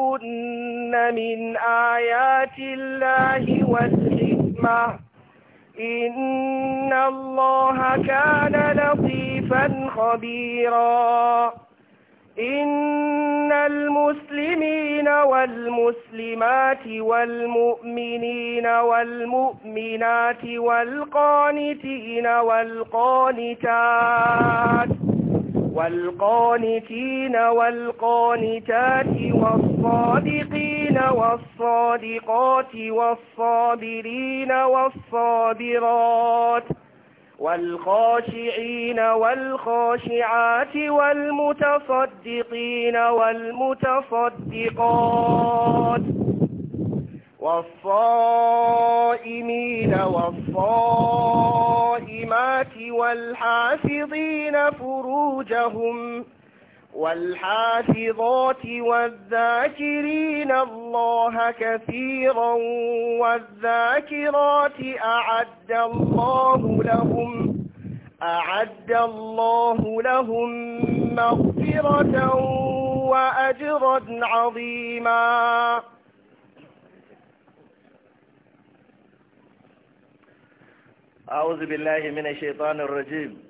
كن من آيات الله والحكمة إن الله كان لطيفا خبيرا إن المسلمين والمسلمات والمؤمنين والمؤمنات والقانتين والقانتات والقانتين والقانتات والقانتات والصادقين والصادقات والصابرين والصابرات والخاشعين والخاشعات والمتصدقين والمتصدقات والصائمين والصائمات والحافظين فروجهم والحافظات والذاكرين الله كثيرا والذاكرات أعد الله لهم أعد الله لهم مغفرة وأجرا عظيما أعوذ بالله من الشيطان الرجيم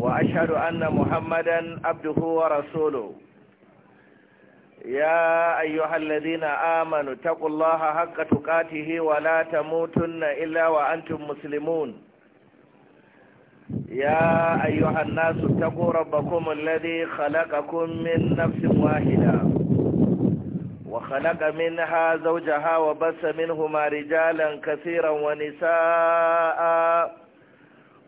وأشهد أن محمدا عبده ورسوله يا أيها الذين آمنوا اتقوا الله حق تقاته ولا تموتن إلا وأنتم مسلمون يا أيها الناس اتقوا ربكم الذي خلقكم من نفس واحدة وخلق منها زوجها وبس منهما رجالا كثيرا ونساء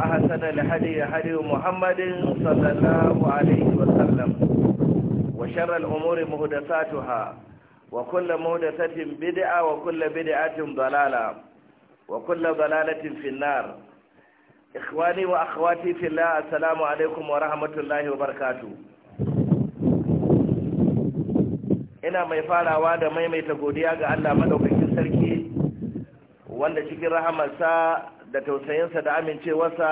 وأحسن الهدي هدي محمد صلى الله عليه وسلم وشر الأمور مهدساتها وكل مهدسة بدعة وكل بدعة ضلالة وكل ضلالة في النار إخواني وأخواتي في الله السلام عليكم ورحمة الله وبركاته ina mai farawa da maimaita godiya ga Allah madaukakin sarki wanda cikin rahamarsa da tausayinsa da amincewarsa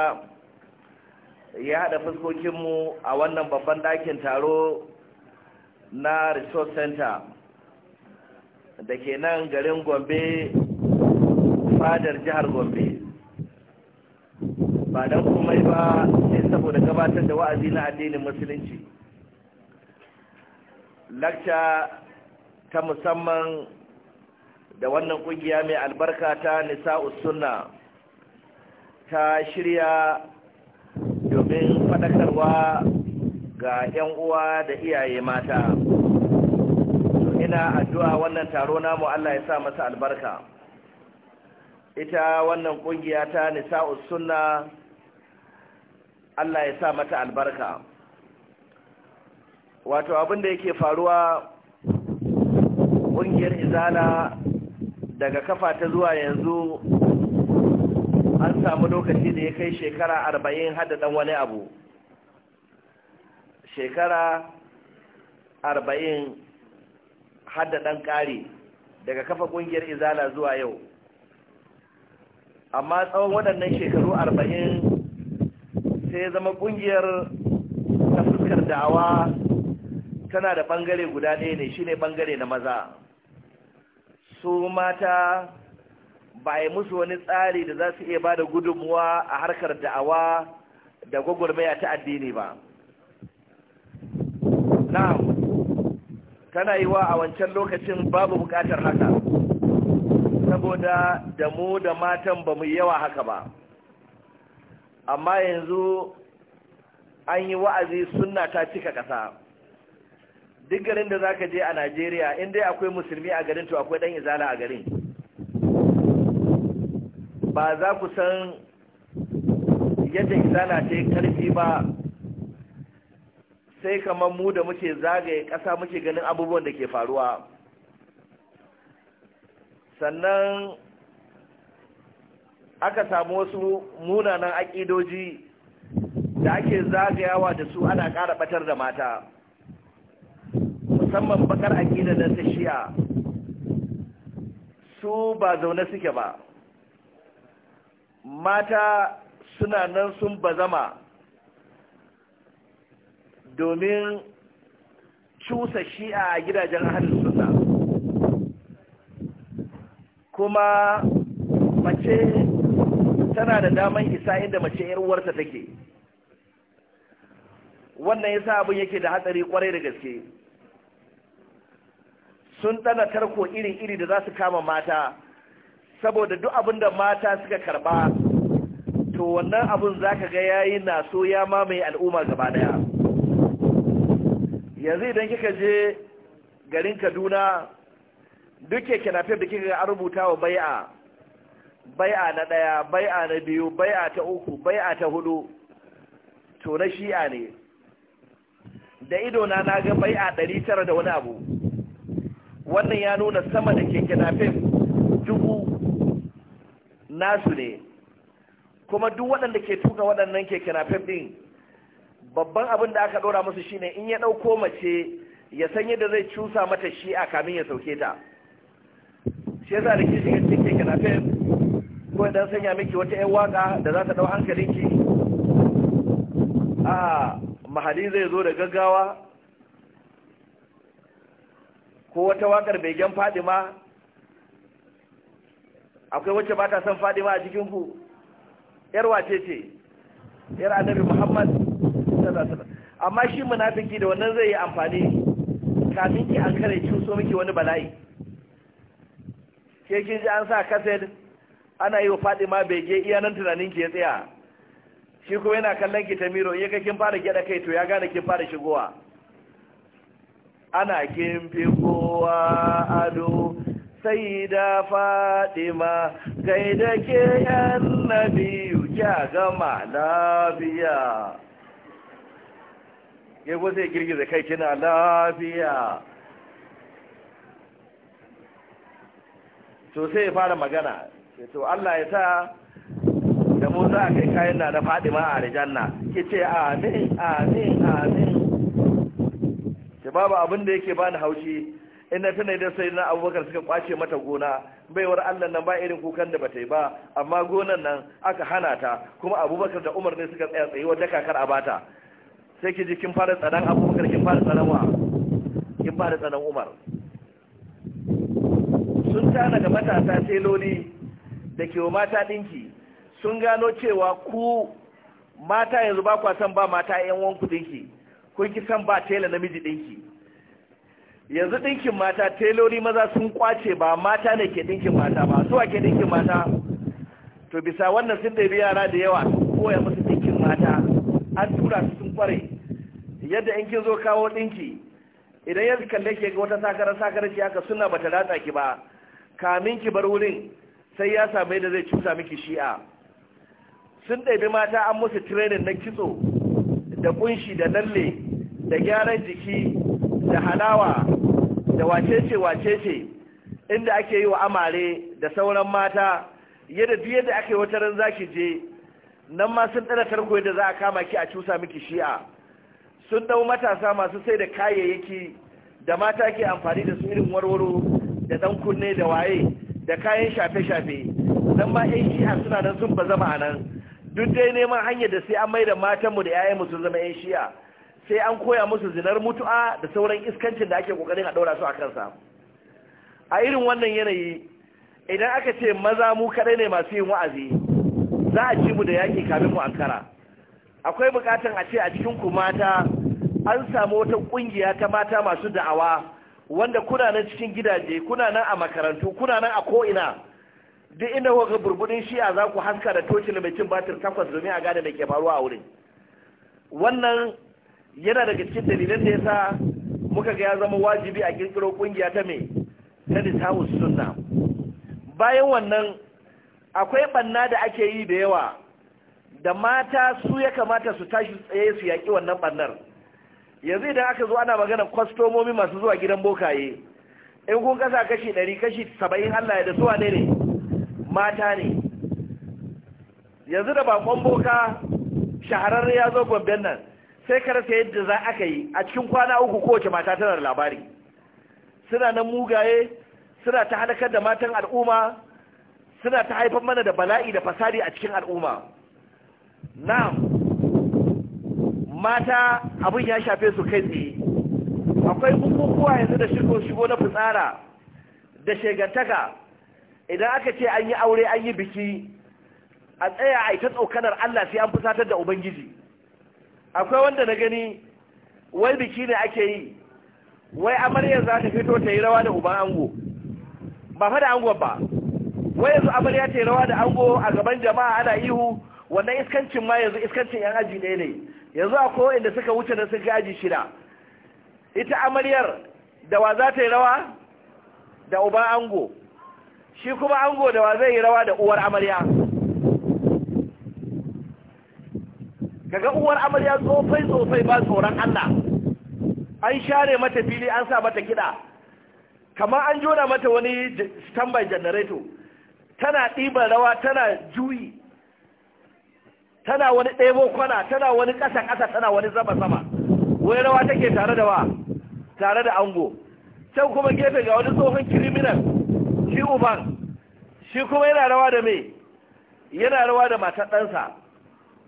ya haɗa fuskokinmu a wannan babban ɗakin taro na resource center da ke nan garin gombe fadar jihar gombe ba don komai ba sai saboda gabatar da wa'azi na addinin musulunci lakca ta musamman da wannan kungiya mai albarka ta nisa'us sunna ta shirya domin faɗakarwa ga 'yan uwa da iyaye mata ina addu'a wannan taro namu Allah ya sa masa albarka ita wannan ƙungiya ta nisa sunna Allah ya sa mata albarka wato abinda yake faruwa ƙungiyar izala daga kafa ta zuwa yanzu samu lokaci da ya kai shekara arba'in hada dan wani abu shekara arba'in hada dan ƙari daga kafa ƙungiyar izala zuwa yau amma tsawon waɗannan shekaru arba'in sai zama ƙungiyar ta fuskar dawa, tana da ɓangare guda ɗaya ne shi ne bangare na maza su mata ba a yi musu wani tsari da za su iya ba da gudunmuwa a harkar da'awa da gwagwarmaya ta addini ba na'am tana yi wa a wancan lokacin babu bukatar haka saboda da mu da matan ba mu yawa haka ba amma yanzu an yi wa'azi suna ta cika ƙasa duk garin da za ka je a najeriya in dai akwai musulmi a garin to akwai ɗan izala a garin ba za ku san yadda izala ta yi karfi ba sai kamar mu da muke zagaye ƙasa muke ganin abubuwan da ke faruwa sannan aka samu wasu munanan aƙidoji da ake zagayawa da su ana ƙara ɓatar da mata musamman bakar aƙida da ta shiya su ba zaune suke ba mata suna nan sun bazama domin cusa shi'a a gidajen ahalin suna kuma mace tana da daman isa inda mace yarwarta take wannan yasa abin yake da hatsari kwarai da gaske sun tsana tarko iri-iri da za su kama mata saboda duk abin da mata suka karba to wannan abin za ka ga yayi na so ya mamaye al'umma gaba daya yanzu idan kika je garin kaduna duk keke na da kika ga rubuta wa bai'a bai'a na daya bai'a na biyu bai'a ta uku bai'a ta hudu to na shi'a ne da idona na ga bai'a ɗari tara da wani abu wannan ya nuna sama da keke na dubu nasu ne kuma duk waɗanda ke tuka waɗannan keke napep ɗin babban abin da aka ɗora musu shine in ya ɗauko mace ya san yadda zai cusa mata shi a kamin ya sauke ta shi yasa da ke shiga cikin keke fef ko idan sanya miki wata 'yan waka da za ta ɗau hankalinki a mahali zai zo da gaggawa ko wata wakar bai begen ma. akwai wacce ba ta son ma a cikin ku yar wace ce yar annabi muhammad amma shi munafiki da wannan zai yi amfani kamin ki an kare kin so miki wani bala'i ke kin ji an sa kaset ana yi wa faɗi fadima bege iya nan tunanin ki ya tsaya shi kuma yana kallon ki ta miro in ga kin fara gyada kai to ya gane kin fara shigowa ana kin fi kowa ado sayyida kai da ke annabiyu ya gama lafiya ya ko sai girgiza kai kina lafiya to sai ya fara magana to Allah ya sa da mu za a kai kayan na da fadima a aljanna ki ce amin amin amin ke babu abin da yake bani haushi na tana da sai na abubakar suka kwace mata gona baiwar allah nan ba irin kukan da bata yi ba amma gonan nan aka hana ta kuma abubakar da umar ne suka tsaya tsaye wadda kakar a bata sai ki ji kin fara tsanan abubakar kin fara tsanan wa kin fara tsanan umar sun tana da matasa teloli da ke wa mata dinki sun gano cewa ku mata yanzu ba kwa san ba mata yan wanku dinki kun ki san ba tela namiji dinki yanzu ɗinkin mata telori maza sun kwace ba mata ne ke ɗinkin mata ba su ke ɗinkin mata to bisa wannan sun ɗabi yara da yawa sun koya musu ɗinkin mata an tura su sun kware yadda in kin zo kawo ɗinki idan yanzu kalle ke ga wata sakarar sakarar ki haka suna bata latsa ki ba kamin ki bar wurin sai ya samu yadda zai cuta miki shi'a sun ɗabi mata an musu tirenin na kitso da kunshi da lalle da gyaran jiki da halawa da wacece wacece inda ake yi wa amare da sauran mata yadda duk yadda aka wata ran ki je nan ma sun ɗana tarko yadda za a kama ki a cusa miki shi'a sun ɗau matasa masu sai da kayayyaki da mata ke amfani da su irin warwaro da ɗan kunne da waye da kayan shafe-shafe nan ma yan shi'a suna nan sun ba zama a nan duk dai neman hanyar da sai an mai da matanmu da 'ya'yanmu sun zama yan shi'a sai an koya musu zinar mutu'a da sauran iskancin da ake kokarin a daura su a kansa a irin wannan yanayi idan aka ce maza mu kadai ne masu yin wa'azi za a ci mu da yaki kafin mu ankara akwai bukatan a ce a cikin ku mata an samu wata kungiya ta mata masu da'awa wanda kuna nan cikin gidaje kuna nan a makarantu kuna nan a ko'ina duk inda kuka burbudin a za ku haska da tocin mai cin batir takwas domin a gane da ke faruwa a wurin wannan yana daga cikin dalilan da sa muka ga ya zama wajibi a kirkiro kungiya ta me ta nisawu sunna bayan wannan akwai banna da ake yi da yawa da mata su ya kamata su tashi tsaye su yaƙi wannan bannar yanzu idan aka zo ana magana kwastomomi masu zuwa gidan bokaye in kun kasa kashi ɗari kashi saba'in allah da suwa ne ne mata ne yanzu da bakon boka shahararren ya zo gwabben nan sai ka rasa yadda za aka yi a cikin kwana uku kowace mata tana da labari suna nan mugaye suna ta halakar da matan al'umma suna ta haifar mana da bala'i da fasadi a cikin al'umma na mata abin ya shafe su kai tsaye akwai bukukuwa yanzu da shigo shigo na fitsara da shegantaka idan aka ce an yi aure an yi biki a tsaya a ita tsokanar Allah sai an fusatar da ubangiji akwai wanda na gani wai biki ne ake yi wai amarya za ta fito ta yi rawa da uban ango ba fa da ango ba wai yanzu amarya ta yi rawa da ango a gaban jama'a ana ihu wannan iskancin ma yanzu iskancin yan aji ne ne yanzu akwai inda suka wuce da sun aji shida ita amaryar da wa za ta yi rawa da uban ango shi kuma ango da wa zai yi rawa da uwar amarya kaga uwar amarya tsofai tsofai ba tsoron Allah an share mata fili an sa mata kiɗa kamar an jona mata wani standby generator tana ɗiban rawa tana juyi tana wani ɗebo kwana tana wani ƙasa-ƙasa tana wani zama sama wai rawa take tare da wa tare da ango can kuma gefe ga wani tsohon kiriminal shi uban shi kuma yana rawa da me yana rawa da matar ɗansa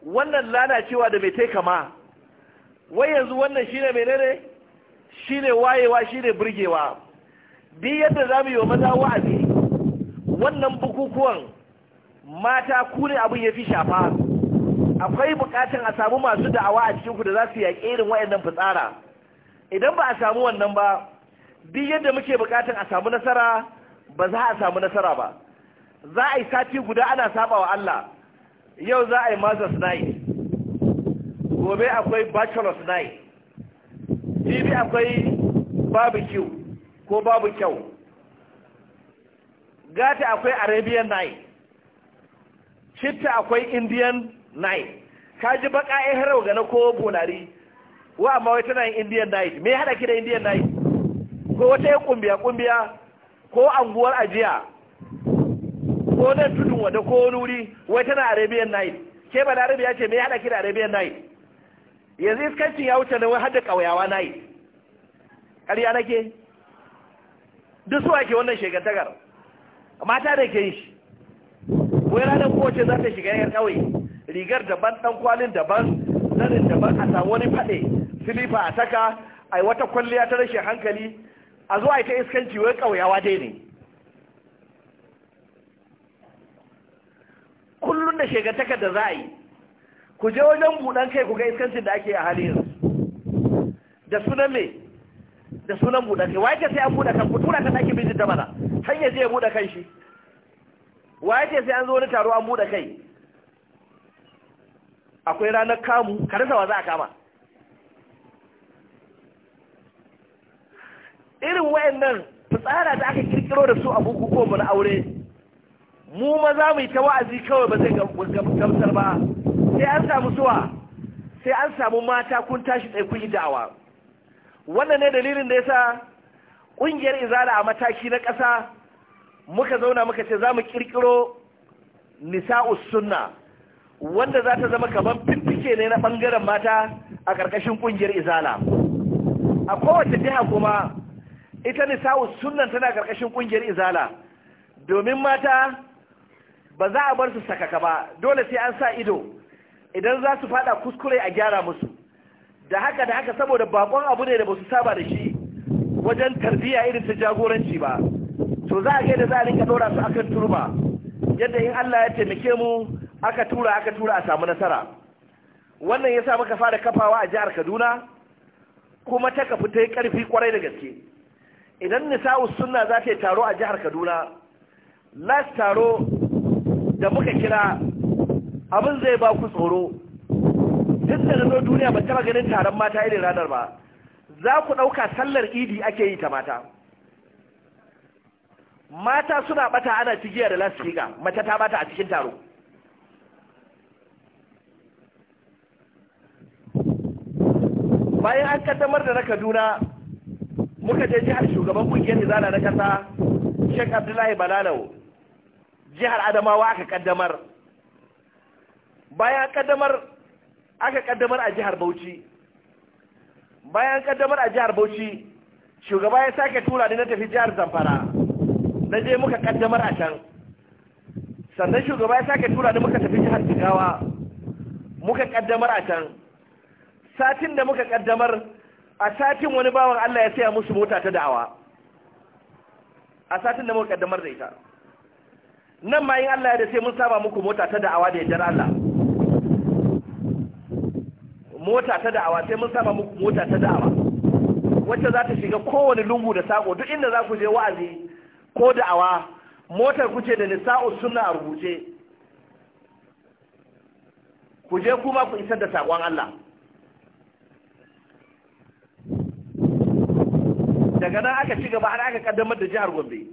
wannan lalacewa da mai tai kama wai yanzu wannan shi ne menene ne wayewa shi ne birgewa. Bi yadda za mu yi wa maza wa'azi wannan bukukuwan mata ku ne abin ya fi shafa akwai bukatan a samu masu da'awa a cikinku da za su yaƙe irin wa'yannan fitsara idan ba a samu wannan ba bi yadda muke bukatan a samu nasara ba za a samu nasara ba za a yi sati guda ana saba wa Allah yau za a yi masters night gobe akwai bachelor's night jibi akwai barbecue ko babu kyau gata akwai arabian night chitta akwai indian night kaji baka ya harau ga ko bonari wa amma wai tana indian night me hada ki da indian night ko wata ya kumbiya kumbiya ko anguwar ajiya ko nan tudun wada ko wani wuri wai tana arabian night ke ba larabi ya ce me hada ki da arabian night yanzu iskancin ya wuce da wai har ƙauyawa kauyawa night ƙarya nake duk su ake wannan shekantakar mata da ke yi shi wai ranar kowace za ta shiga yan ƙauye rigar daban ɗan kwalin daban zanin daban a samu wani faɗe filifa a saka a wata kwalliya ta rashin hankali a zuwa ita iskanci wai ƙauyawa dai ne kullum da shegataka da za a yi ku je wajen buɗan kai ku ga iskancin da ake a halin yanzu da sunan me da sunan buɗan kai waye ke sai an buɗa kan ku tura kan ake bijin da mana san ya je ya buɗa kan shi waye ke sai an zo wani taro an buɗa kai akwai ranar kamu ka rasa wa za a kama irin wayannan fitsara da aka kirkiro da su a bukukuwan mu na aure mu ma za mu yi ta wa'azi kawai ba zai gamsar ba sai an samu suwa sai an samu mata kun tashi tsaye kun yi da'awa wannan ne dalilin da ya sa ƙungiyar izala a mataki na ƙasa muka zauna muka ce za mu ƙirƙiro nisa'us sunna wanda za ta zama kamar fiffike ne na ɓangaren mata a ƙarƙashin ƙungiyar izala a kowace jiha kuma ita nisa'us sunnan tana ƙarƙashin ƙungiyar izala domin mata ba za a bar su sakaka ba dole sai an sa ido idan za su fada kuskure a gyara musu da haka da haka saboda bakon abu ne da ba su saba da shi wajen tarbiya irin ta jagoranci ba to za a da za a rinka dora su akan turba yadda in Allah ya taimake mu aka tura aka tura a samu nasara wannan ya sa muka fara kafawa a jihar Kaduna kuma ta kafi ta yi ƙarfi kwarai da gaske idan nisa'u sunna za ta yi taro a jihar Kaduna last taro da muka kira abin zai ba ku tsoro duk da zo duniya ba taba ganin taron mata irin ranar ba za ku ɗauka sallar idi ake yi ta mata mata suna bata ana cigiya da lasfiga mace ta bata a cikin taro bayan an kaddamar da na kaduna muka je jihar shugaban kungiyar izana na kasa shek abdullahi balalau jihar adamawa aka kaddamar bayan kaddamar aka kaddamar a jihar bauchi bayan kaddamar a jihar bauchi shugaba ya sake tura ni na tafi jihar zamfara na je muka kaddamar a can sannan shugaba ya sake tura ni muka tafi jihar jigawa muka kaddamar a can satin da muka kaddamar a satin wani bawan allah ya saya musu mota ta da'awa a satin da muka kaddamar da ita nan ma yin Allah ya da sai mun saba muku mota ta da'awa da yadda Allah mota ta da'awa sai mun saba muku mota ta da'awa wacce za ta shiga kowane lungu da sako duk inda za ku je wa'azi ko da'awa motar ku ce da nisa'u sunna a rubuce ku je kuma ku isar da saƙon Allah daga nan aka ci gaba har aka kaddamar da jihar Gombe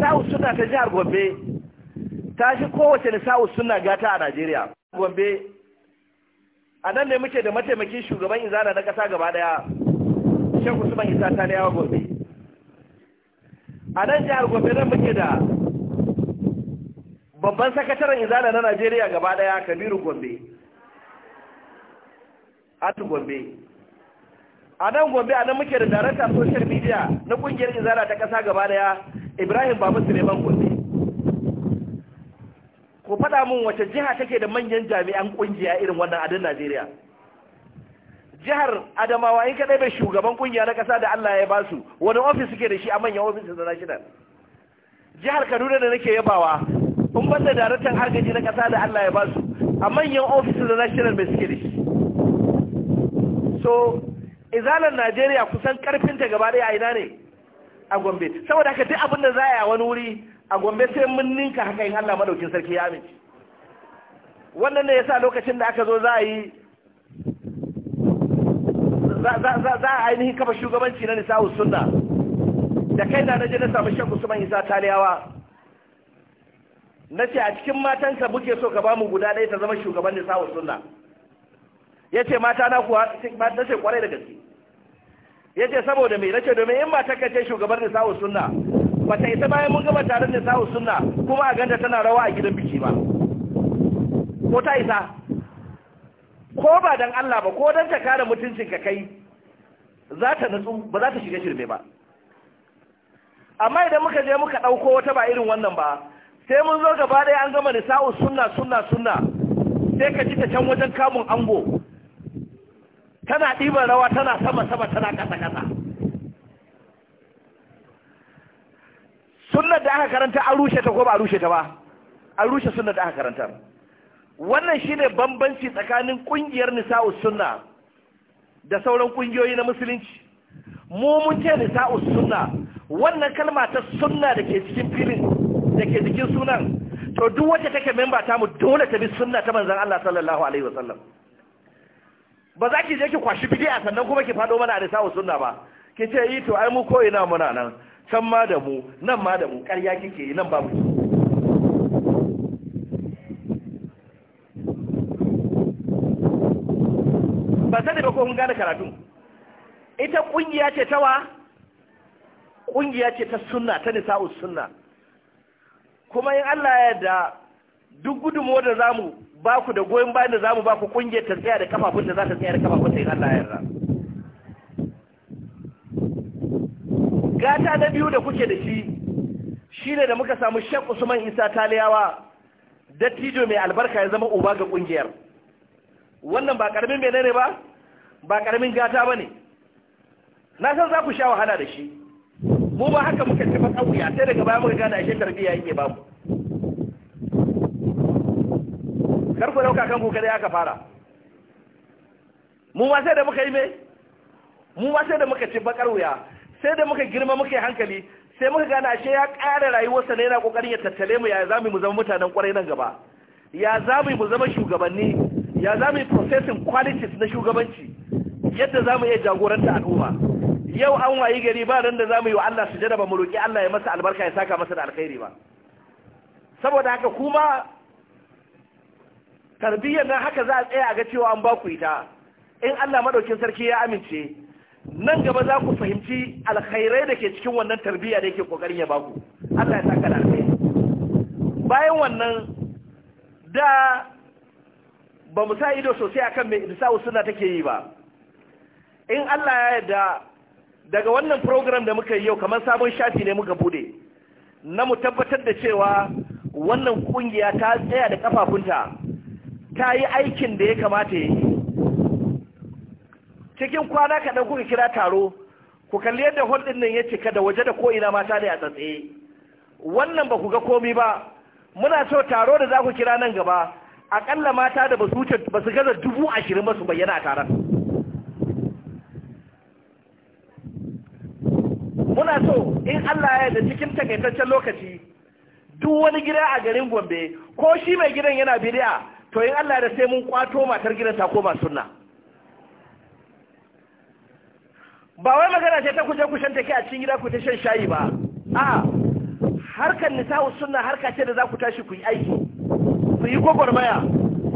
nisa'u suna ta jihar gombe ta shi kowace nisa'u suna gata a najeriya gombe a nan ne muke da mataimakin shugaban izana na ƙasa gaba ɗaya shan usman isa ta da yawa gombe a nan jihar gombe nan muke da babban sakataren izana na najeriya gaba ɗaya kabiru gombe atu gombe a nan gombe a nan muke da darakta social media na kungiyar izana ta ƙasa gaba ɗaya ibrahim ne suleiman gombe ku faɗa min wace jiha take da manyan jami'an ƙungiya irin wannan adin najeriya jihar adamawa in kaɗai bai shugaban ƙungiya na ƙasa da allah ya basu wani ofis suke da shi a manyan da na national jihar kaduna da nake yabawa in da daraktan agaji na ƙasa da allah ya basu a manyan da na national mai suke da shi so izalar najeriya kusan ƙarfinta gaba ɗaya a ina ne a gombe saboda haka duk abin da za a yi wani wuri a gombe sai mun ninka haka yin allah madaukin sarki ya mace wannan ne ya sa lokacin da aka zo za a yi za a ainihin kafa shugabanci na nisa sunna da kai na naje na samu shan kusurman isa taliyawa na ce a cikin matanka muke so ka bamu guda ɗaya ta zama shugaban nisa'u sunna ya ce mata na kuwa na ce kwarai da gaske ya ce saboda mai nace domin in matar ka kace shugabar nisa'u sunna ba ta isa bayan mun gama taron nisa'u sunna kuma a ganta tana rawa a gidan biki ba ko ta isa ko ba dan Allah ba ko dan ta kare mutuncin ka kai za ta nutsu ba za ta shiga shirme ba amma idan muka je muka ɗauko wata ba irin wannan ba sai mun zo gaba ɗaya an gama nisa'u sunna sunna sunna sai ka ci ta can wajen kamun ango tana ɗiban rawa tana sama-sama tana ƙasa-ƙasa sunan da aka karanta an rushe ta ko ba a rushe ta ba an rushe sunan da aka karanta wannan shine bambanci tsakanin ƙungiyar nisa'us sunna da sauran ƙungiyoyi na musulunci mu mun ce nisa'us sunna wannan kalma ta sunna da ke cikin filin da ke cikin sunan to duk wacce take memba ta mu dole ta bi sunna ta manzon Allah sallallahu alaihi wasallam ba za ki je ki kwashi bid'a sannan kuma ki fado mana arisawu sunna ba ki ce yi to ai mu ko ina muna nan can ma da mu nan ma da mu ƙarya kike yi nan ba mu ba sani ba ko kun gane karatu ita kungiya ce ta wa kungiya ce ta sunna ta nisa'us sunna kuma in Allah ya yarda duk gudunmu da zamu ba ku da goyon bayan da za mu ba ku kungiyar ta tsaya da kafafun da za ta tsaya da kafafun da ya Allah yarda gata na biyu da kuke da shi shi ne da muka samu shek usman isa taliyawa dattijo mai albarka ya zama uba ga kungiyar wannan ba karamin ne ba ba karamin gata ba ne na san za ku sha wahala da shi mu ba haka muka tafi tsawiya sai daga baya muka gane ashe tarbiyya yake ba mu karku ku dauka kanku kada aka fara mu ma sai da muka yi me mu ma sai da muka ci bakar wuya sai da muka girma muka yi hankali sai muka gane ashe ya ƙara rayuwarsa ne yana kokarin ya tattale mu ya zamu mu zama mutanen kwarai nan gaba ya zamu mu zama shugabanni ya zamu processing qualities na shugabanci yadda zamu iya jagoranta al'umma yau an wayi gari ba ran da zamu yi wa Allah sujada ba mu roki Allah ya masa albarka ya saka masa da alkhairi ba saboda haka kuma tarbiyyar nan haka za a tsaya ga cewa an ba ku ita in Allah madaukin sarki ya amince nan gaba za ku fahimci alkhairai da ke cikin wannan tarbiyya da yake kokarin ya ba ku Allah ya saka alkhairi bayan wannan da ba mu sa ido sosai akan mai idsawu suna take yi ba in Allah ya yarda daga wannan program da muka yi yau kamar sabon shafi ne muka bude na mu tabbatar da cewa wannan kungiya ta tsaya da kafafunta ta yi aikin da ya kamata ya yi cikin kwana kaɗan kuka kira taro ku kalli yadda hol nan ya cika da waje da ko'ina mata ne a tsatsaye wannan ba ku ga komi ba muna so taro da za ku kira nan gaba aƙalla mata da ba su gaza dubu ashirin ba su bayyana a taron muna so in allah ya da cikin takaitaccen lokaci duk wani gida a garin gombe ko shi mai gidan yana bidiya to in Allah da sai mun kwato matar gidan ta koma suna. ba wai magana ce ta kuje kushen take a cikin gida ku ta shan shayi ba a harkar nisa'u sunna harka ce da za ku tashi ku yi aiki ku yi gwagwarmaya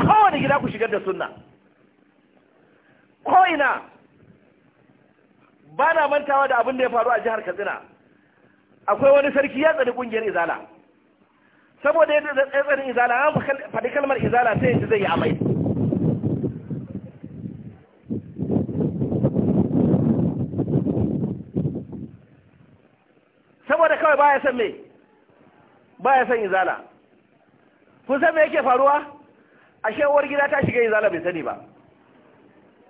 kowane gida ku shigar da sunna ko ina ba na mantawa da abin da ya faru a jihar katsina akwai wani sarki ya tsani kungiyar izala saboda yadda da tsantsarin izala an faɗi kalmar izala sai yanzu zai yi amai saboda kawai baya son me baya son izala kun san me yake faruwa a shewar gida ta shiga izala bai sani ba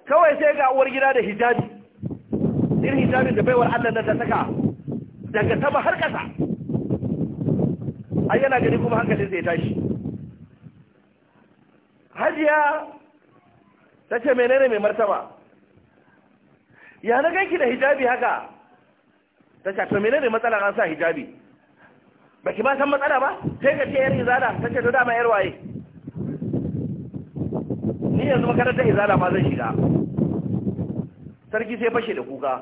kawai sai ga uwar gida da hijabi irin hijabin da baiwar Allah da ta saka daga sama har ƙasa ai yana gani kuma hankalin zai tashi hajiya ta ce menene mai martaba ya na ganki da hijabi haka ta ce to menene matsala an sa hijabi baki ba san matsala ba sai ka ce yar izada ta ce to dama yar waye ni yanzu makarantar izada ma zan shiga sarki sai fashe da kuka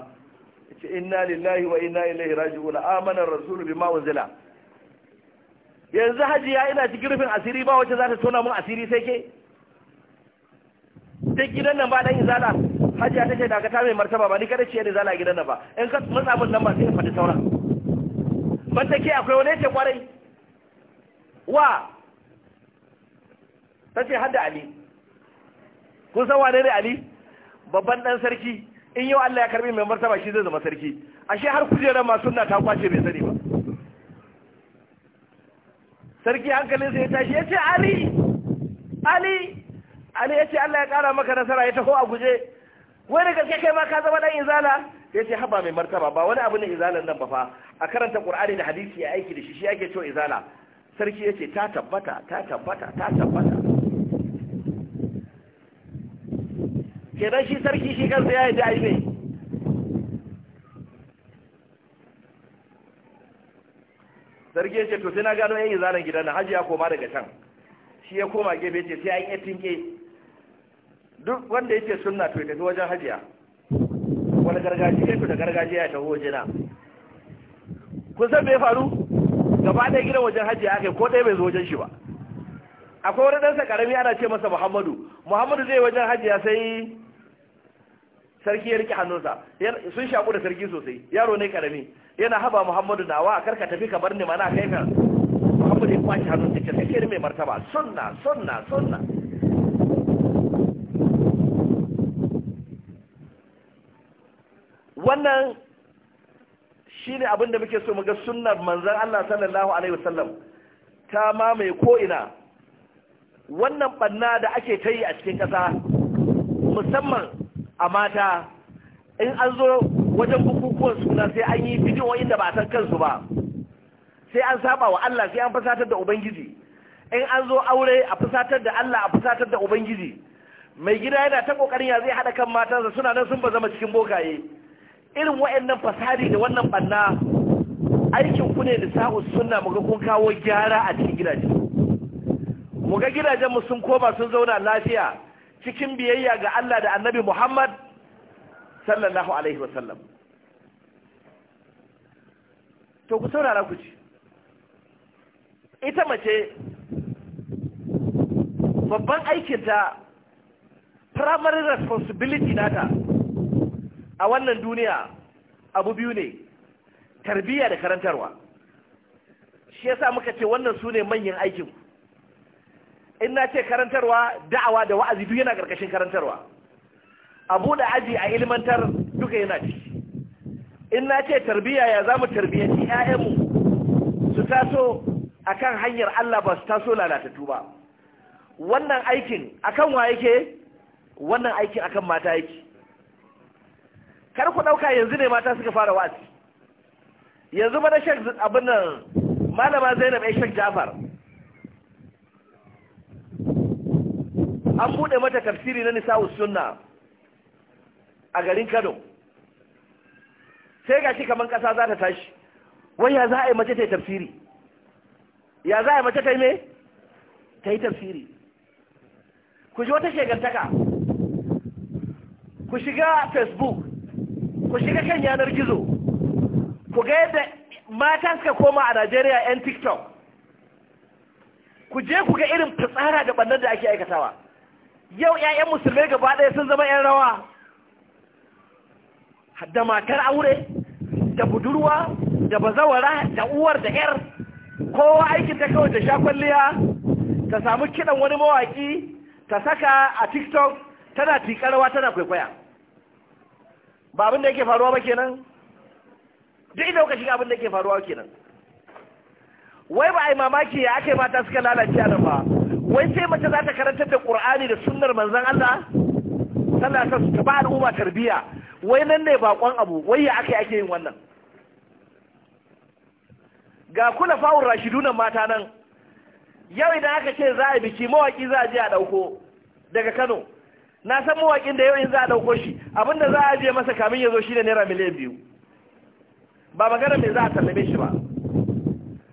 ce inna lillahi wa inna ilaihi raji'un amana rasulu bima unzila yanzu hajiya ina cikin rufin asiri ba wacce za ta tona mun asiri sai ke duk gidan nan ba dan izala hajiya ta ce da ta mai martaba ba ni kada ce izala a gidan nan ba in ka matsa mun nan ba sai ka faɗi sauran ban ta ke akwai wani yake kwarai wa ta ce hadda ali kun san wane ne ali babban dan sarki in yau Allah ya karbi mai martaba shi zai zama sarki ashe har kujerar ma sunna ta kwace bai sani ba sarki hankalinsa ya tashi ya ce ali ali ali ya ce allah ya kara maka nasara ya taho a guje wai da gaske kai ma ka zama dan izala ya ce haba mai martaba ba wani abu ne izalan nan ba fa a karanta qur'ani da hadisi ya aiki da shi shi ake cewa izala sarki ya ce ta tabbata ta tabbata ta tabbata kenan shi sarki shi kansa ya yi da ne sarki ya ce to sai na gano yayin zanen gidan nan hajiya koma daga can shi ya koma gefe ce sai an yi tinke duk wanda yake sunna to ya tafi wajen hajiya wani gargajiya to da gargajiya ya tafi wajena kun san me ya faru gaba ɗaya gidan wajen hajiya aka ko ɗaya bai zo wajen shi ba akwai wani ɗansa ƙarami ana ce masa muhammadu muhammadu zai wajen hajiya sai sarki ya rike hannunsa sun shaƙu da sarki sosai yaro ne ƙarami yana haba muhammadu nawa wa karka tafi ka bar ni mana kai ka muhammadu ya kwashi hannun cikin sai mai martaba sunna sunna sunna wannan shi ne abinda muke so muga sunnar manzan Allah sallallahu Alaihi wasallam ta mamaye ko'ina wannan ɓanna da ake ta yi a cikin ƙasa musamman a mata in an zo wajen bukukuwan suna sai an yi bidiyoyin inda ba a san kansu ba sai an saba wa Allah sai an fusatar da ubangiji in an zo aure a fusatar da Allah a fusatar da ubangiji mai gida yana ta kokarin ya zai hada kan matansa suna nan sun ba zama cikin bokaye irin wayannan fasadi da wannan banna aikin ku ne da sa'u sunna muga kun kawo gyara a cikin gidaje muga gidajen mu sun koma sun zauna lafiya cikin biyayya ga Allah da Annabi Muhammad sallallahu alaihi wasallam to ku saurara ku ci ita mace babban aikinta primary responsibility nata a wannan duniya abu biyu ne tarbiyya da karantarwa shi yasa muka ce wannan su ne manyan aikin Ina ce karantarwa da'awa da wa'azi duk yana ƙarƙashin karantarwa a buɗe aji a ilmantar duka yana ci in na ce tarbiyya ya za mu tarbiyyanci 'ya'yanmu su taso a kan hanyar Allah ba su taso lalatattu ba wannan aikin akan wa yake wannan aikin akan mata yake kar ku ɗauka yanzu ne mata suka fara wasi. yanzu mana shek abin nan malama zainab ya shek jafar an buɗe mata tafsiri na nisa'u sunna a garin kano sai ga shi kamar kasa za ta tashi wai ya za a yi mace ta yi tafsiri ya za a yi mace ta yi me ta yi tafsiri ku ji wata shegantaka ku shiga facebook ku shiga kan yanar gizo ku ga yadda matan suka koma a najeriya 'yan tiktok ku je ku ga irin fitsara da bannan da ake aikatawa yau 'ya'yan musulmai gaba ɗaya sun zama 'yan rawa da matar aure da budurwa da bazawara da uwar da yar kowa aikin ta kawai da sha kwalliya ta samu kidan wani mawaki ta saka a tiktok tana tikarwa tana kwaikwaya ba abin da yake faruwa ba kenan duk inda kuka abin da yake faruwa kenan wai ba a yi mamaki ya aka yi mata suka lalace a nan ba wai sai mace za ta karantar da ƙur'ani da sunnar manzan Allah sallah ta ba al'umma tarbiyya wai nan ne bakon abu wai ya aka ake yin wannan ga kula fawun rashidunan mata nan yau idan aka ce za a biki mawaki za a je a ɗauko daga kano na san mawakin da yau in za a ɗauko shi abinda za a je masa kamin ya zo shi ne naira miliyan biyu ba magana mai za a tallabe shi ba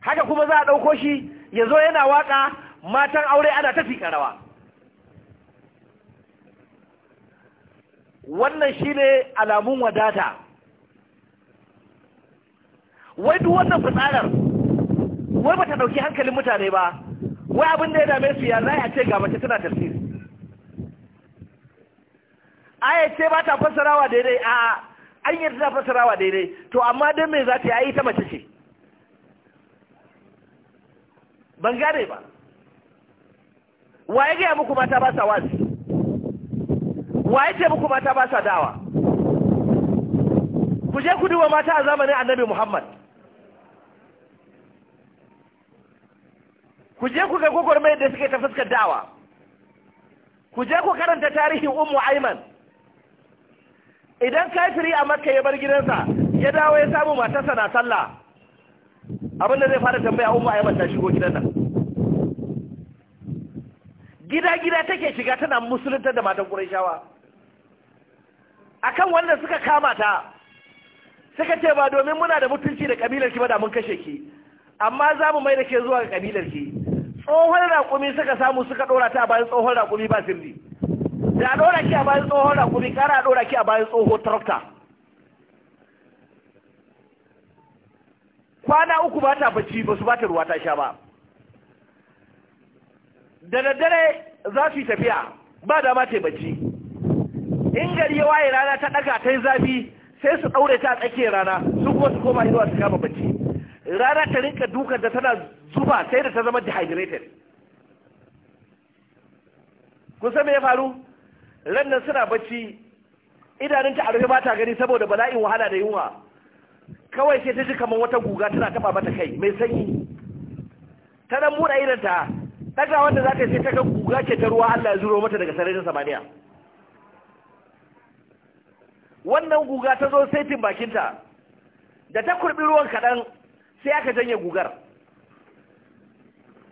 haka kuma za a ɗauko shi ya zo yana waka matan aure ana tafi karawa wannan shine alamun wadata wai duk wannan fitsarar wai bata ɗauki hankalin mutane ba wai abin da ya dame su ya za a ce ga mace tana tafsiri aya ce ba ta fassarawa daidai a an yi ta fassarawa daidai to amma don me za ta yi ta mace ce ban gane ba wa ya gaya muku mata ba sa wasi wa ya muku mata ba sa dawa ku je ku duba mata a zamanin annabi muhammad ku je ku ga gwagwarmayar da suke ta dawa ku je ku karanta tarihin ummu aiman idan kafiri a makka ya bar gidansa ya dawo ya samu matarsa na sallah abinda zai fara tambaya ummu aiman ta shigo gidan nan gida-gida take shiga tana musulunta da matan ƙurashawa akan wanda suka kama ta suka ce ba domin muna da mutunci da kabilar ki ba da mun kashe ki amma za mu mai da ke zuwa ga kabilar ki tsohon raƙumi suka samu suka ɗora ta a bayan tsohon raƙumi ba sirri da ɗora ki a bayan tsohon raƙumi ƙara ɗora ki a bayan tsohon tarakta kwana uku ba ta bacci ba su ba ta ruwa ta sha ba da daddare za su yi tafiya ba dama ta bacci in gari ya waye rana ta ɗaga ta yi zafi sai su ɗaure ta a tsakiyar rana su kuma su koma zuwa su kama bacci rana ta rinka dukan da tana zuba sai da ta zama dehydrated kun san me ya faru rannan suna bacci idanun a rufe ba ta gani saboda bala'in wahala da yunwa kawai sai ta ji kamar wata guga tana taba mata kai mai sanyi ta dan buɗe idanta daga wanda za ta sai ta ga guga ke ta ruwa Allah ya zuro mata daga sararin samaniya wannan guga ta zo saitin bakinta da ta kurbi ruwan kaɗan sai aka janye gugar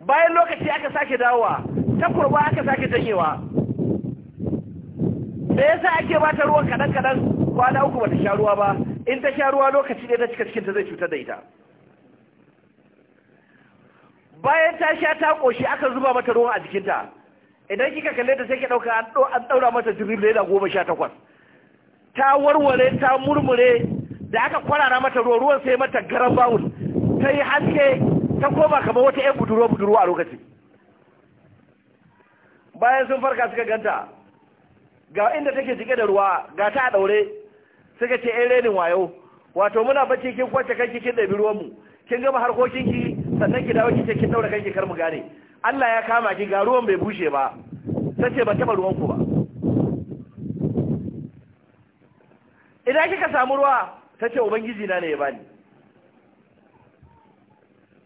bayan lokaci aka sake dawowa ta kurba aka sake janyewa me yasa ake ba ta ruwan kaɗan kaɗan kwana uku ba ta sha ruwa ba in ta sha ruwa lokaci ɗaya ta cika cikinta zai cutar da ita bayan ta sha ta ƙoshi aka zuba mata ruwan a jikinta idan kika kalle ta sai ki ɗauka an ɗaura mata jirgin leda goma sha takwas ta warware ta murmure da aka kwarara mata ruwa ruwan sai mata garan bawul ta yi haske ta koma kamar wata yan budurwa budurwa a lokaci bayan sun farka suka ganta ga inda take jike da ruwa ga ta a daure suka ce yan renin wayo wato muna bacci kin kwace kanki kin ɗabi ruwanmu kin gama harkokinki sannan ki dawo ce kin daura kanki kar mu gane Allah ya kama ki ga ruwan bai bushe ba sace ba taba ruwanku ba idan kika samu ruwa ta ce ubangiji na ne ya bani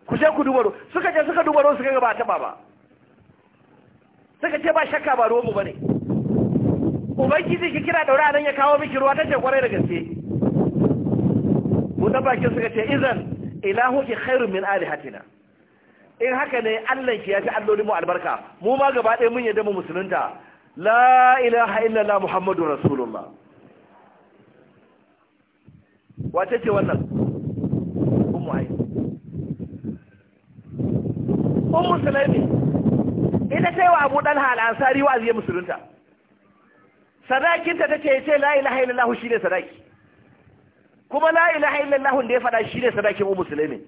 ku je ku dubaro suka je suka dubaro suka ga ba taba ba suka ce ba shakka ba ruwan bane ubangiji ki kira daura nan ya kawo miki ruwa ta ce kwarai da gaske mu da bakin suka ce izan ilahu ki khairu min alihatina in haka ne Allah ki ya yafi allolin mu albarka mu ma gaba ɗaya mun yadda mu musulunta la ilaha illallah muhammadur rasulullah wace ce wannan umu ayi umu sulaimi ita sai wa abu dan ansari wa aziyar musulunta sadakinta ta ce ce la ilaha illallah shi ne sadaki kuma la ilaha illallah da ya faɗa shi ne sadakin umu sulaimi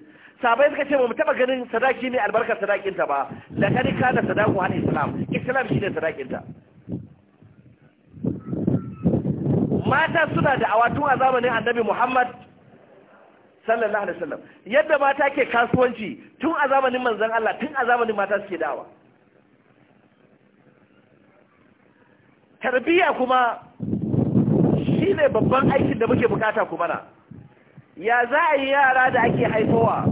sabai suka ce mu taba ganin sadaki ne albarkar sadakinta ba la da sadaku al islam islam shi ne sadakinta mata suna da awa tun a zamanin annabi Muhammad sallallahu alaihi wasallam yadda mata ke kasuwanci tun a zamanin manzon Allah tun a zamanin mata suke dawa tarbiyya kuma shine babban aikin da muke bukata kuma na ya za a yi yara da ake haifowa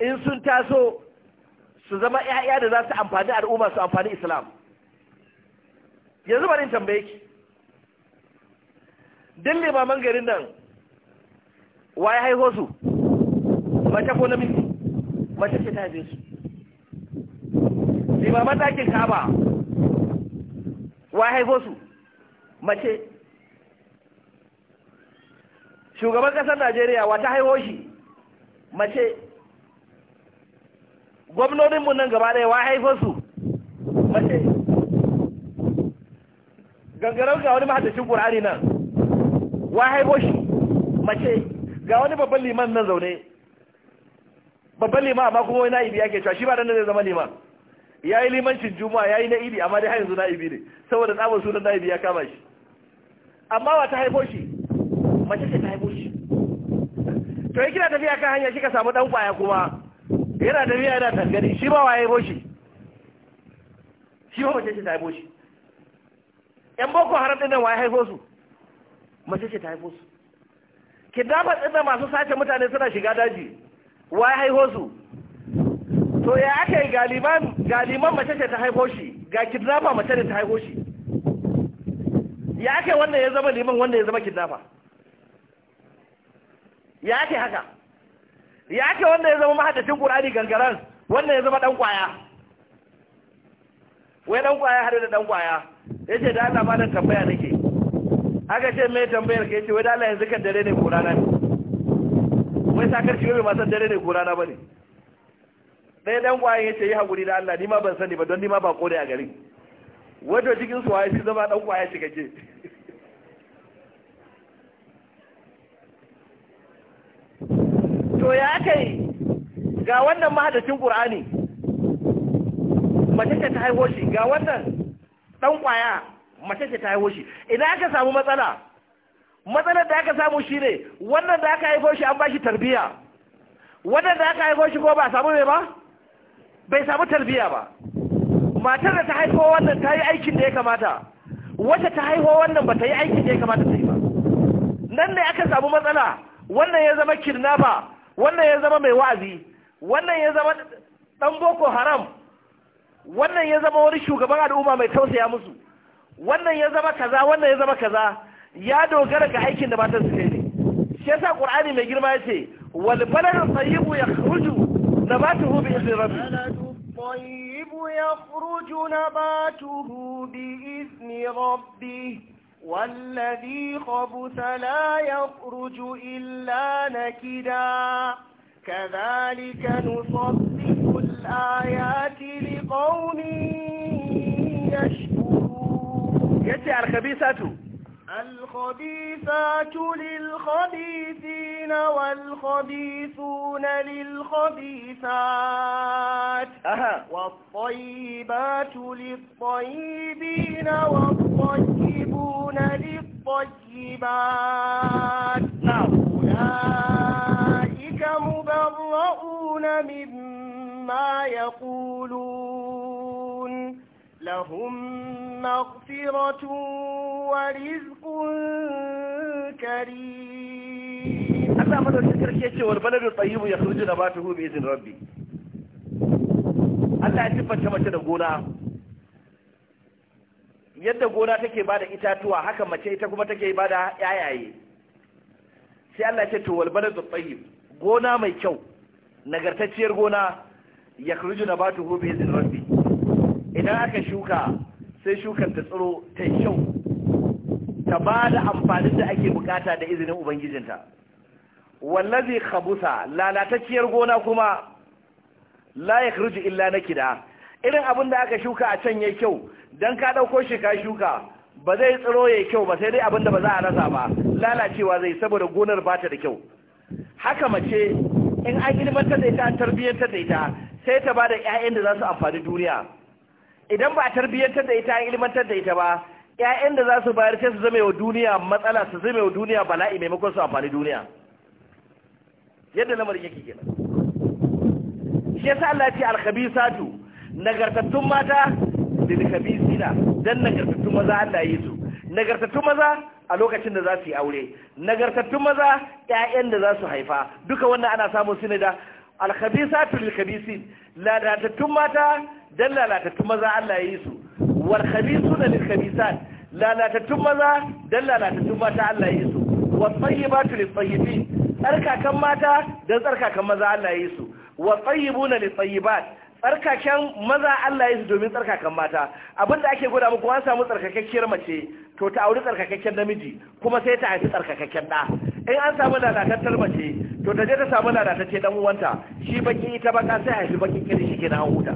in sun taso su zama 'ya'ya da za su amfani al'umma su amfani islam yanzu bari tambaye ki duk limaman garin nan wa ya haihu su mace ko namiji mace ce ta haife su limaman ɗakin kaba wa ya haihu su mace shugaban ƙasar najeriya wa ta haihu shi mace gwamnoninmu nan gaba ɗaya wa haifar su mace gangarar ga wani mahaddacin ƙur'ani nan wa haibo shi mace ga wani babban liman nan zaune babban liman amma kuma wani na'ibi ke cewa shi ba dan zai zama liman ya yi limancin juma'a ya yi na'ibi amma dai har yanzu na'ibi ne saboda tsabar sunan na'ibi ya kama shi amma wa ta haibo shi mace ce ta haibo shi to ya kina tafiya kan hanya shi ka samu dan kwaya kuma yana tafiya yana tangari shi ba wa haibo shi shi ba mace ce ta haibo shi yan boko haram din nan wa haifo su mace ce ta haifo su dafa tsinda masu sace mutane suna shiga daji wa ya haiho su to ya aka yi galiman mace ce ta haifo shi ga kidnapper mace ne ta haifo shi ya aka yi wannan ya zama liman wanda ya zama kidnapper ya aka haka ya aka wanda ya zama mahaddacin ƙur'ani gangaran wanda ya zama ɗan ƙwaya wai ɗan ƙwaya haɗu da ɗan ƙwaya yace da ana malam da tambaya nake aka ce mai tambayar ka ce wai da Allah yanzu kan dare ne ko rana ne wai sa shi mai masan dare ne ko rana bane dai dan gwaye yace yi hakuri da Allah ni ma ban sani ba don ni ma ba kore a garin wato cikin su waye shi zama dan gwaye shi kake to ya kai ga wannan mahadacin Qur'ani mace ta haihuwa shi ga wannan dan kwaya mace ce ta haihu shi idan aka samu matsala matsalar da aka samu shi ne wannan da aka haifo shi an ba shi tarbiya wannan da aka haifo shi ko ba samu mai ba bai samu tarbiya ba matar da ta haifo wannan ta yi aikin da ya kamata wacce ta haifo wannan ba ta yi aikin da ya kamata ta yi ba nan ne aka samu matsala wannan ya zama kidnapper wannan ya zama mai wa'azi wannan ya zama dan boko haram wannan ya zama wani shugaban al'umma mai tausaya musu wannan ya zama kaza wannan ya zama kaza ya dogara ga aikin da matan suka ne shi yasa qur'ani mai girma yace wal baladu tayyibu yakhruju nabatuhu bi idni rabbi الطيب يخرج نباته بإذن ربه والذي خبث لا يخرج إلا نكدا كذلك نصدق الآيات لقوم يشهدون يتي الخبيثات الخبيثات للخبيثين والخبيثون للخبيثات أها. والطيبات للطيبين والطيبون للطيبات نعم أولئك مبرؤون مما يقولون لهم مغفرة ورزق كريم الله مدى الذكر كيتي والبلد الطيب يخرج نباته بإذن ربي Allah ya كما mace da gona yadda gona take da itatuwa haka mace ita kuma take da yayaye sai Allah ya ce to wal baladu tayyib gona mai kyau nagartacciyar gona ya rabbi idan aka shuka sai shukar ta tsiro ta kyau ta ba da amfanin da ake bukata da izinin ubangijinta wallazi khabusa lalatacciyar gona kuma la yakhruju illa nakida irin abin da aka shuka a can yayi kyau dan ka dauko shi ka shuka ba zai tsiro yayi kyau ba sai dai abin da ba za a rasa ba lalacewa zai saboda gonar ba ta da kyau haka mace in an ilmantar da ita an tarbiyyantar da ita sai ta da 'ya'yan da za su amfani duniya idan ba a tarbiyyantar da ita an ilmantar da ita ba ƴaƴan da za su bayar sai su zama wa duniya matsala su zame wa duniya bala'i maimakon su amfani duniya yadda lamarin yake kenan shi yasa Allah ya ce al-khabisatu nagartattun mata lil khabisina dan nagartattun maza Allah ya yi su nagartattun maza a lokacin da za su yi aure nagartattun maza ƴaƴan da za su haifa duka wannan ana samun su ne da alkhabisatu lil khabisin ladatattun mata dan lalatattun maza Allah ya yi su khabisu da lil khabisat lalatattun maza dan lalatattun mata Allah ya yi su wa tayyibatu lil tayyibin tsarkakan mata dan tsarkakan maza Allah ya yi su wa tayyibuna lil tayyibat tsarkaken maza Allah ya yi su domin tsarkakan mata abinda ake gwada muku an samu tsarkakakkiyar mace to ta auri tsarkakakken namiji kuma sai ta haifi tsarkakakken da in an samu lalatattar mace to ta je ta samu lalatacce dan uwanta shi baki ita baka sai haifi baki kiri shi ke na huta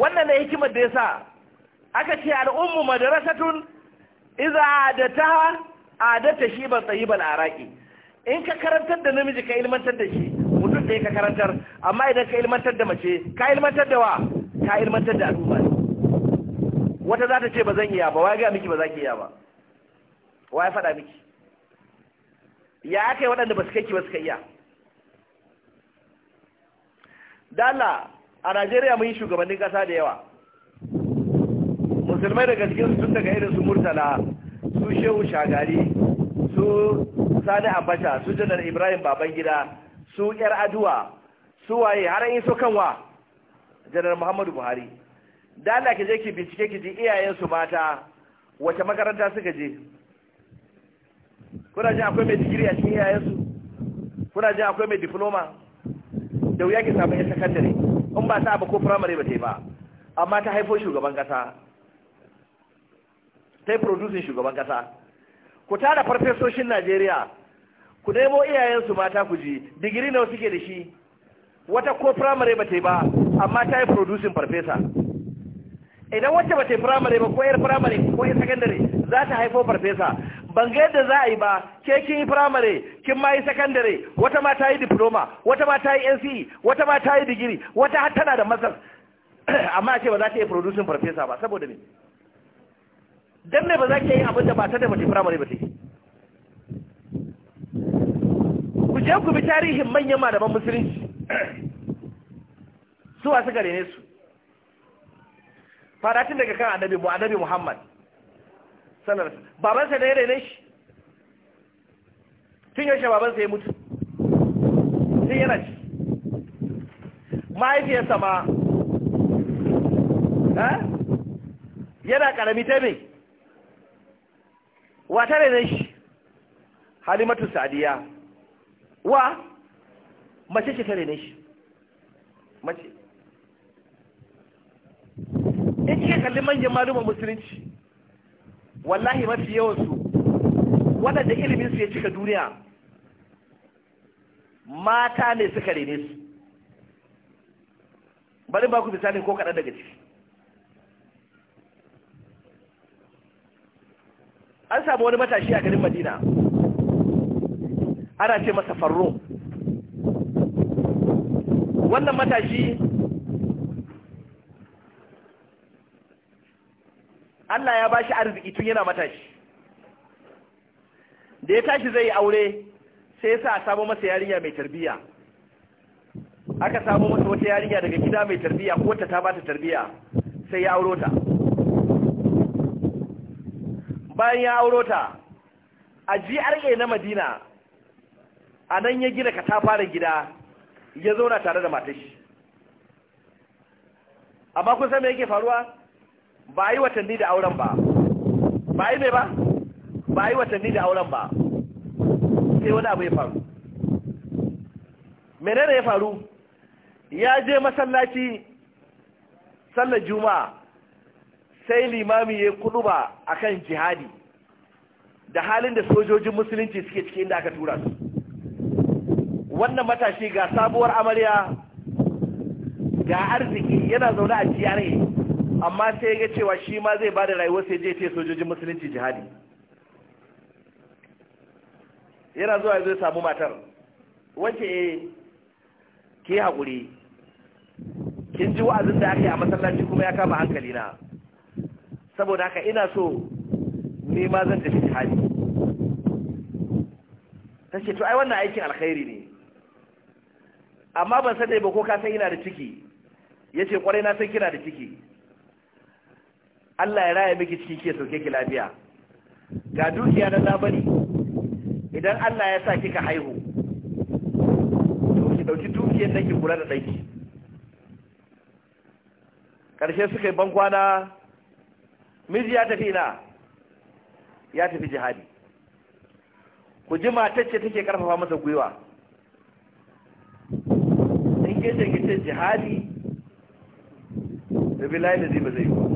wannan ne hikimar da yasa aka ce al'ummu madrasatun iza da ta adata shi ban tsayi bal araki in ka karantar da namiji ka ilmantar da shi mutum ɗaya ka karantar amma idan ka ilmantar da mace ka ilmantar da wa ka ilmantar da al'umma wata za ta ce ba zan iya ba wai ga miki ba za ki iya ba wai faɗa miki ya aka yi waɗanda ba su kai ki ba su kai iya dala a najeriya mun yi shugabannin kasa da yawa musulmai daga cikin tun daga irin su murtala su shehu shagari su sani abacha su janar ibrahim babangida su yar aduwa su waye har in so kanwa janar muhammadu buhari da Allah ke je ki bincike ki ji iyayensu mata wace makaranta suka je kuna ji akwai mai digiri a cikin iyayensu kuna ji akwai mai diploma da wuya ki samu yan sakandare in ba ta abu ko firamare ba ta yi ba amma ta haifo shugaban kasa ta yi producing shugaban kasa ku tara farfesoshin najeriya ku nemo iyayensu mata ku ji digiri nawa suke da shi wata ko firamare ba ta yi ba amma ta yi producing farfesa idan wacce ba ta yi firamare ba ko yar firamare ko yar sakandare za ta haifo farfesa ban ga yadda za a yi ba ke kin yi firamare kin ma yi sakandare wata ma ta yi diploma wata ma ta yi nce wata ma ta yi digiri wata har tana da masar amma ce ba za ta yi producing farfesa ba saboda ne don ne ba za ki yi abin da ba ta da mace firamare ba ta yi ku je ku bi tarihin manyan malaman musulunci suwa suka rene su faratin daga kan annabi mu annabi Muhammad sallallahu alaihi wasallam babansa ne rene shi tun yaushe babansa ya mutu sai yana ci mahaifiyarsa ma yana karami ta mai wata rene shi halimatu sadiya wa mace ce ta rene shi mace in kika kalli manyan maluman musulunci wallahi mafi yawan su wadanda ilimin su ya cika duniya mata ne suka rene su bari ba ku misali ko kaɗan daga ciki an samu wani matashi a garin madina ana ce masa farro wannan matashi Allah ya bashi arziki tun yana matashi da ya tashi zai aure sai sa samu masa yarinya mai tarbiya aka samu masa wata yarinya daga gida mai tarbiya ko ta bata tarbiya sai ya auro ta bayan ya auro ta a GRA na Madina a nan ya gina fara gida ya zauna tare da matashi amma kun san yake faruwa ba a yi watanni da auren ba ba yi mai ba ba yi watanni da auren ba sai wani abu ya faru menene ya faru ya je masallaci sallar juma'a sai limami ya kudu ba kan jihadi da halin da sojojin musulunci suke cikin da aka tura su wannan matashi ga sabuwar amarya ga arziki yana zaune a GRA amma sai ya cewa shi ma zai ba da rayuwar sai je ce sojojin musulunci jihadi yana zuwa zai samu matar wace eh ke haƙuri kin ji wa'azin da aka yi a masallaci kuma ya kama hankali na saboda haka ina so ni ma zan tafi jihadi ta ce to ai wannan aikin alkhairi ne amma ban san ba ko ka san ina da ciki ya ce kwarai na san kina da ciki Allah ya raya miki ciki ke sauke ki lafiya ga dukiya na zamani idan Allah ya sa kika haihu to ki dauki dukiyar da ki kula da danki karshe suka yi bankwana miji ya tafi na ya tafi jihadi ku ji matar ce take karfafa masa gwiwa in ke jirgin jihadi da bilayi da zai ba zai yi ba.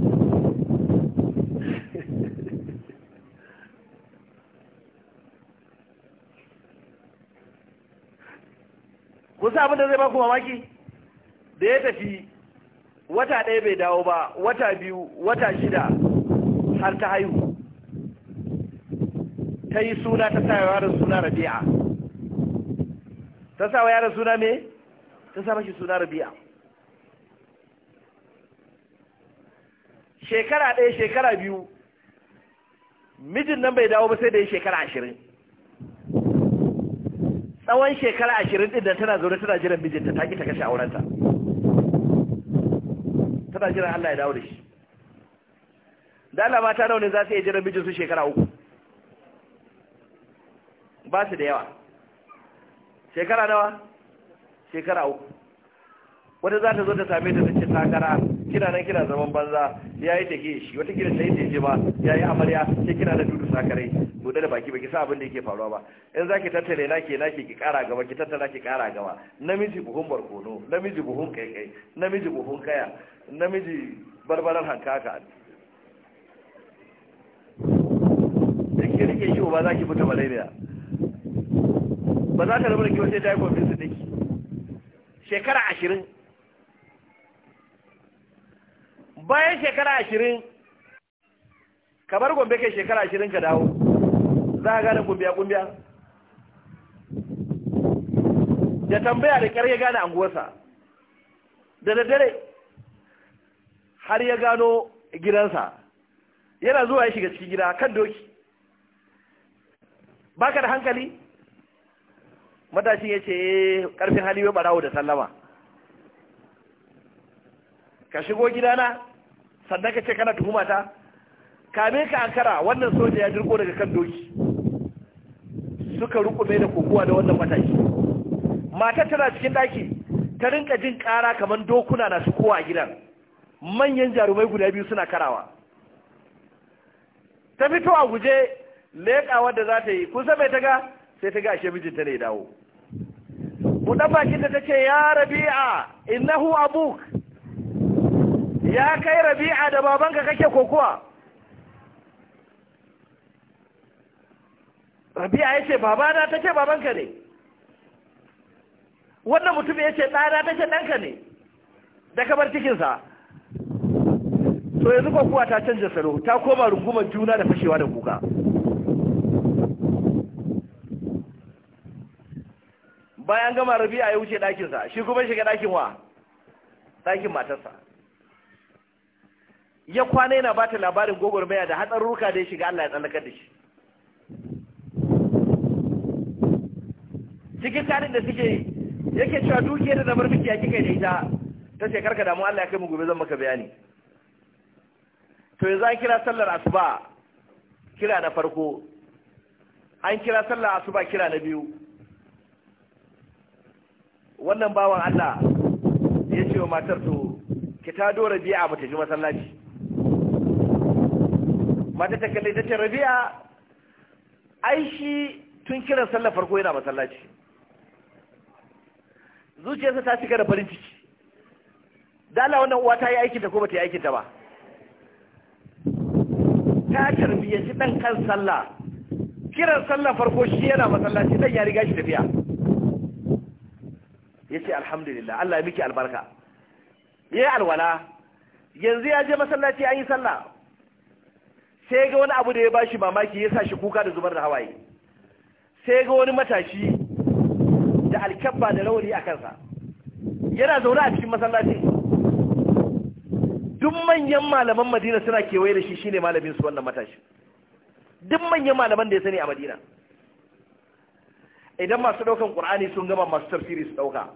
sa abin da zai ba ku mamaki da ya tafi wata ɗaya bai dawo ba wata biyu wata shida har ta haihu ta yi suna ta sawa yaran suna rabi'a ta sawa yaran suna me ta sa mashi suna rabi'a shekara ɗaya shekara biyu mijin nan bai dawo ba sai da ya shekara ashirin tsawon shekara ashirin ɗin da tana zaune tana jiran mijinta ta ta kashe aurenta tana jiran Allah ya dawo da shi da Allah mata nawa ne za su iya jiran mijinsu shekara uku ba su da yawa shekara nawa shekara uku wata za ta zo ta same ta ta ce gara kina nan kina zaman banza ya yi take shi wata kira sai je ba ya yi amarya sai kina da dudu sakarai bude da baki baki sa abin da yake faruwa ba in zaki tattare na ke ki kara gaba ki tattara ki kara gaba namiji buhun barkono namiji buhun kai namiji buhun kaya namiji barbaran hankaka da ke rike shi ba za ki fita malaria ba za ta rabu da ki wace ta yi kwamfin su shekara ashirin bayan shekara ashirin kamar gombe kai shekara ashirin ka dawo za a gane kumbiya-kumbiya da tambaya da ƙyar ya gane anguwarsa da daddare har ya gano gidansa yana zuwa ya shiga cikin gida kan doki baka da hankali matashin ya ce eh, ƙarfin hali ya barawo da sallama ka shigo gidana sannan ka ce kana tuhuma ta kame ka ankara wannan soja ya jirgo daga kan doki suka rukume da kokowa da wannan mataki matar tana cikin daki ta rinka jin kara kamar dokuna na su kowa a gidan manyan jarumai guda biyu suna karawa ta fito a guje leƙa wadda za ta yi kusa mai ta ga sai ta ga ashe mijinta ne dawo buɗe bakin da ta ce ya rabi'a innahu abuk ya kai rabi'a da babanka kake kokowa rabi'a ya ce babana ta babanka ne wannan mutum ya ce ɗana ta ce ɗanka ne da kamar cikinsa to yanzu kokowa ta canja salo ta koma rungumar juna da fashewa da kuka bayan gama rabi'a ya wuce ɗakinsa shi kuma shiga ɗakin wa ɗakin matarsa ya kwana yana bata labarin gwagwarmaya da ruka da ya shiga Allah ya tsallakar da shi cikin tarin da suke yi yake cewa dukiyar da na bar miki ya kika da ita ta shekar ka damu Allah ya kai mu gobe zan maka bayani to yanzu an kira sallar asuba kira na farko an kira sallar asuba kira na biyu wannan bawan Allah ya ce wa matar to ki ta dora biya ba ta ji masallaci mata ta kalli ta ce rabi'a ai shi tun kiran sallar farko yana masallaci zuciyarsa ta cika da farin ciki dala wannan uwa ta yi aikinta ko ba ta yi aikinta ba ta shi ɗan kan sallah kiran sallar farko shi yana masallaci dan ya riga shi tafiya yace alhamdulillah Allah ya miki albarka yayi alwala yanzu ya je masallaci an yi sallah sai ga wani abu da ya bashi mamaki ya sa shi kuka da zubar da hawaye sai ga wani matashi da alkabba da rauni a kansa yana zaune a cikin masallaci duk manyan malaman madina suna kewaye da shi shine malamin su wannan matashi duk manyan malaman da ya sani a madina idan masu daukan qur'ani sun gama masu tafsiri su dauka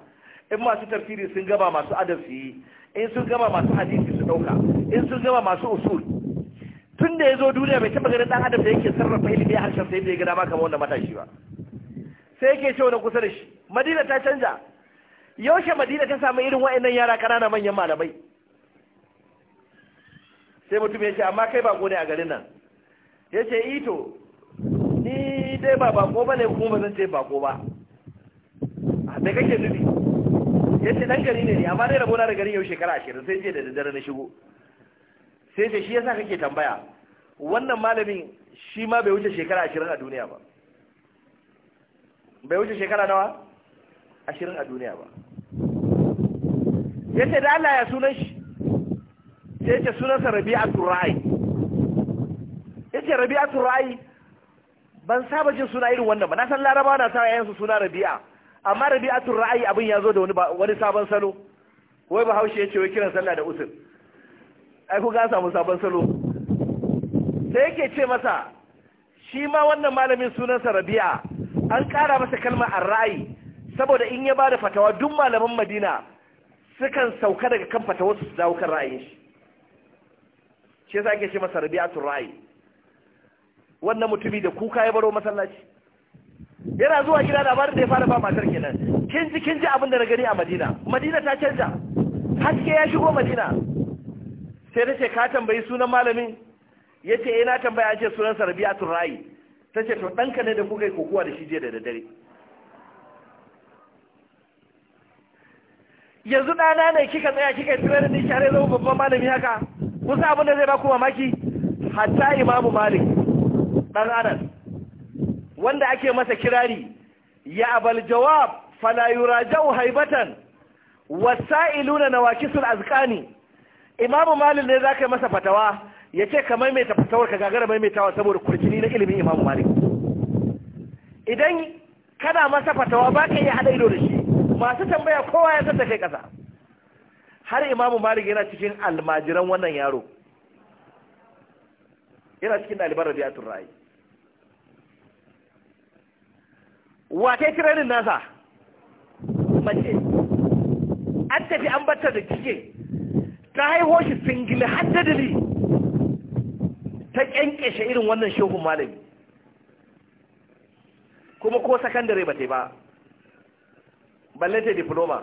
in masu tafsiri sun gama masu adab in sun gama masu hadisi su dauka in sun gama masu usul tun da ya zo duniya bai taɓa ganin ɗan adam da yake sarrafa ilimi a harshen sai da ya gada kamar wanda matashi ba sai yake cewa na kusa da shi madina ta canja yaushe madina ta samu irin wa'annan yara ƙanana manyan malamai sai mutum ya ce amma kai ba ne a garin nan ya ce ito eh ni dai ba bako ba ne kuma ba zan ce bako ba a ah, da kake nufi ya ce ɗan gari ne amma dai rabona da garin yau shekara ashirin sai ce da daddare na shigo sai ce shi yasa kake tambaya wannan malamin shi ma bai wuce shekara ashirin a duniya ba bai wuce shekara nawa ashirin a duniya ba ya ce da Allah ya sunan shi sai ce sunansa rabi'atul ra'ayi yace ce rabi'atul ra'ayi ban saba jin suna irin wannan ba na san larabawa na sa yayansu suna rabi'a amma rabi'atul ra'ayi abin ya zo da wani sabon salo wai bahaushe ya ce wai kiran sallah da usul ai kuka samu sabon salo sai yake ce masa shi ma wannan malamin sunansa rabi'a an kara masa kalma a ra'ayi saboda in ya bada fatawa duk malaman madina sukan sauka daga kan fatawa su dawo kan ra'ayin shi shi yasa ake ce masa sun ra'ayi wannan mutumi da kuka ya baro masallaci yana zuwa gida labarin da ya fara ba matar kenan kin ji kin ji abin da na gani a madina madina ta canja haske ya shigo madina sai ta ce ka tambayi sunan malamin ya ce ina eh, tambaya a ce sunan sarbiya turayi ta ce to ɗanka ne da kuka yi kokowa da shi jiya da daddare yanzu ɗana ne kika tsaya kika tsira da ni share zama babban malami haka kusa abin da zai ba ku mamaki hatta imamu malik ɗan anas wanda ake masa kirari ya abal jawab fala yurajau haibatan wasa'iluna nawakisul azqani imamu malik ne za ka yi masa fatawa ya ce ka maimaita fatawar ka gagara maimaitawa saboda kurkini na ilimin imamu malik idan kana masa fatawa ba ka yi haɗa ido da shi masu tambaya kowa ya zata kai ƙasa har imamu malik yana cikin almajiran wannan yaro yana cikin ɗaliban rabi'atun ra'ayi wata yi tirenin nasa mace an tafi an batta da kike ta haihuwa shi singili haddadili ta kyankyashe irin wannan shehun malami kuma ko sakandare ba ta ba balle diploma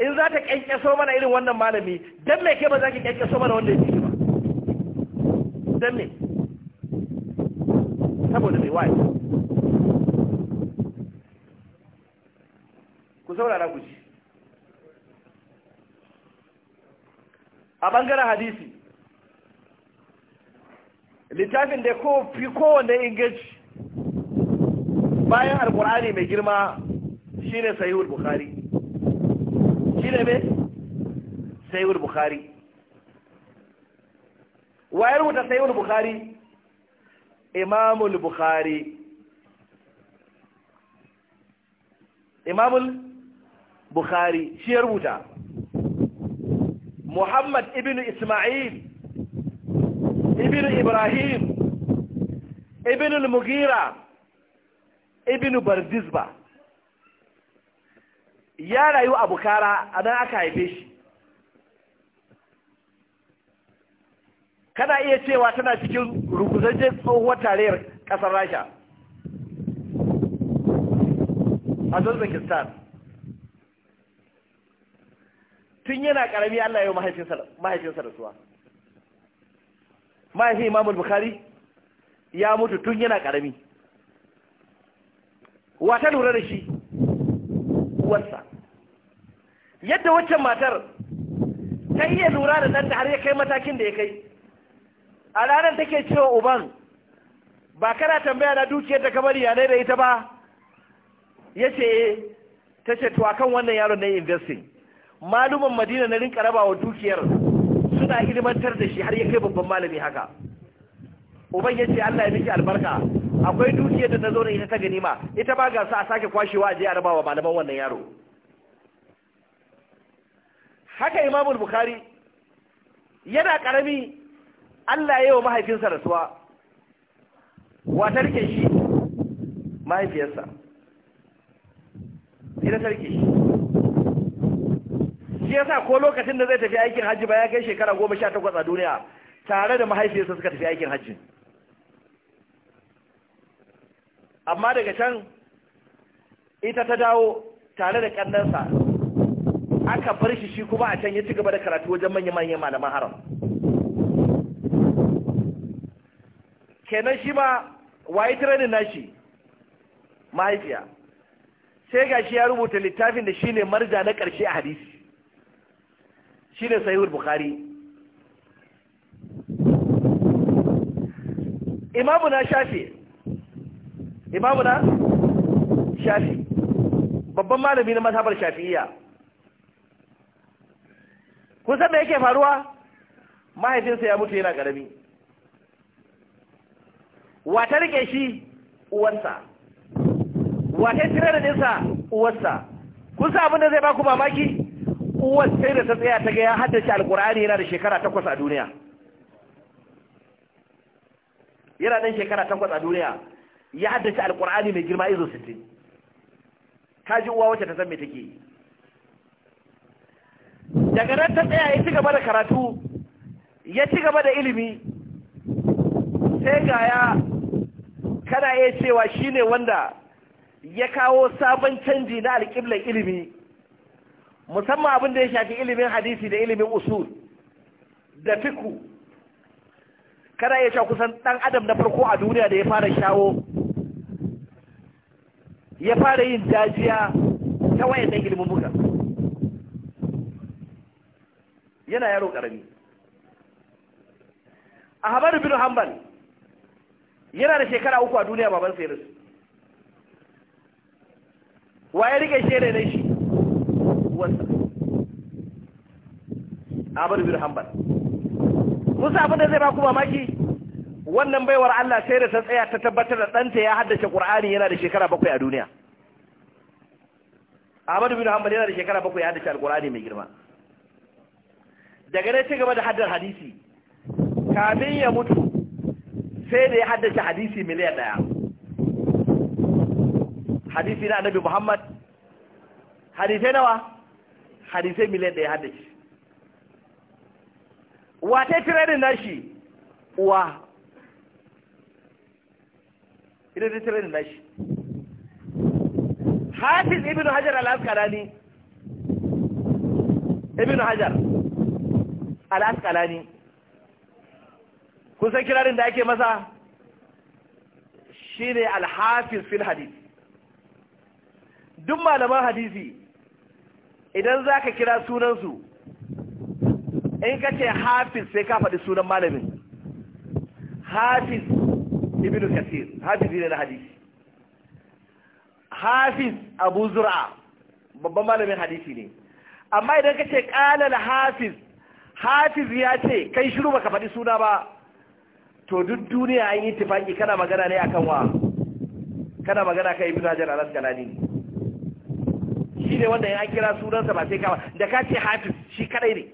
in za ta kyankyaso mana irin wannan malami don me ke ba za ki kyankyaso mana wanda ya ba don me saboda mai waye ku saurara ku ji a bangaren hadisi littafin da fi kowanne inganci bayan alkur'ani mai girma shine sahihul bukhari shine me sayuwar bukhari wayar rubuta sayuwar bukhari imamul bukhari imamul bukari shi ya rubuta muhammad ibn isma'il ibn ibrahim ibn mugira ibn barzizba ya rayu a bukara a nan aka haife shi kana iya cewa tana cikin rukuzajen tsohuwar tarayyar ƙasar rasha a zazzakin tun yana karami Allah ya mahaifinsa mahaifinsa rasuwa mahaifin Imam Bukhari ya mutu tun yana karami wata lura da shi uwarsa yadda waccan matar ta iya lura da ɗanta har ya kai matakin da ya kai a ranar take cewa uban ba kana tambaya na dukiyar da kamar yanayi da ita ba ya ce ta ce to kan wannan yaron na investing maluman madina na rinka raba wa dukiyar suna ilimantar da shi har ya kai babban malami haka uban ya ce allah ya miki albarka akwai dukiyar da na zo da ita ta ganima ita ba ga su a sake kwashewa a je a raba wa malaman wannan yaro haka imamul Bukhari yana karami allah ya yi wa mahaifinsa rasuwa watar ke shi mahaifiyarsa ita tarke shi shi yasa ko lokacin da zai tafi aikin hajji ba ya kai shekara goma sha takwas a duniya tare da mahaifiyarsa suka tafi aikin hajji amma daga can ita ta dawo tare da kannansa aka bar shi shi kuma a can ya ci gaba da karatu wajen manya-manyan malaman haram kenan shi ma waye training nashi mahaifiya sai ga shi ya rubuta littafin da shi ne marja na ƙarshe a hadisi Shi ne sahihul bukhari imamu na shafi imamu na shafi babban malami na mazhabar shafi'iyya kun san me yake faruwa mahaifinsa ya mutu yana karami wata rike shi uwarsa wata tirar da nisa uwarsa kun san abin da zai ba ku mamaki uwar sai da ta tsaya ta ga ya haddace alkur'ani yana da shekara takwas a duniya yana ɗan shekara takwas a duniya ya haddace alkur'ani mai girma izo sittin ka ji uwa wacce ta san me take daga nan ta tsaya ya ci gaba da karatu ya ci gaba da ilimi sai ga ya kana iya cewa shine wanda ya kawo sabon canji na alƙiblar ilimi musamman abin da ya shafi ilimin hadisi da ilimin usul da fiku kana iya sha kusan ɗan adam na farko a duniya da ya fara shawo ya fara yin dajiya ta wayan nan ilimin buga yana yaro ƙarami habar bin hanbal yana da shekara uku a duniya babansa ya rasu wa ya rike shi ne shi Ahmad bin Hanbal musa abin da zai ba ku mamaki wannan baiwar Allah sai da ta tsaya ta tabbatar da ɗanta ya haddace Qur'ani yana da shekara bakwai a duniya Ahmadu bin Hanbal yana da shekara bakwai ya haddace Al-Qur'ani mai girma daga ne ci gaba da haddar hadisi kafin ya mutu sai da ya haddace hadisi miliyan ɗaya hadisi na annabi Muhammad hadisai nawa hadisai miliyan ɗaya haddace wa ta tirenin nashi uwa Idan ta tirenin nashi hafiz ibn hajar al-asqalani ibn hajar al-asqalani kusan kirarin da ake masa Shi al-hafiz fil hadith duk malaman hadisi idan za ka kira sunansu in ka ce hafiz sai ka faɗi sunan malamin hafiz Ibn kasir hafiz ne na hadisi hafiz abu zura babban malamin hadisi ne amma idan ka ce ƙalal hafiz hafiz ya ce kai shiru baka faɗi suna ba to duk duniya an yi tufaƙi kana magana ne akan wa kana magana kai ibn hajar al galani shi ne wanda ya kira sunansa ba sai kawa da ka ce hafiz shi kadai ne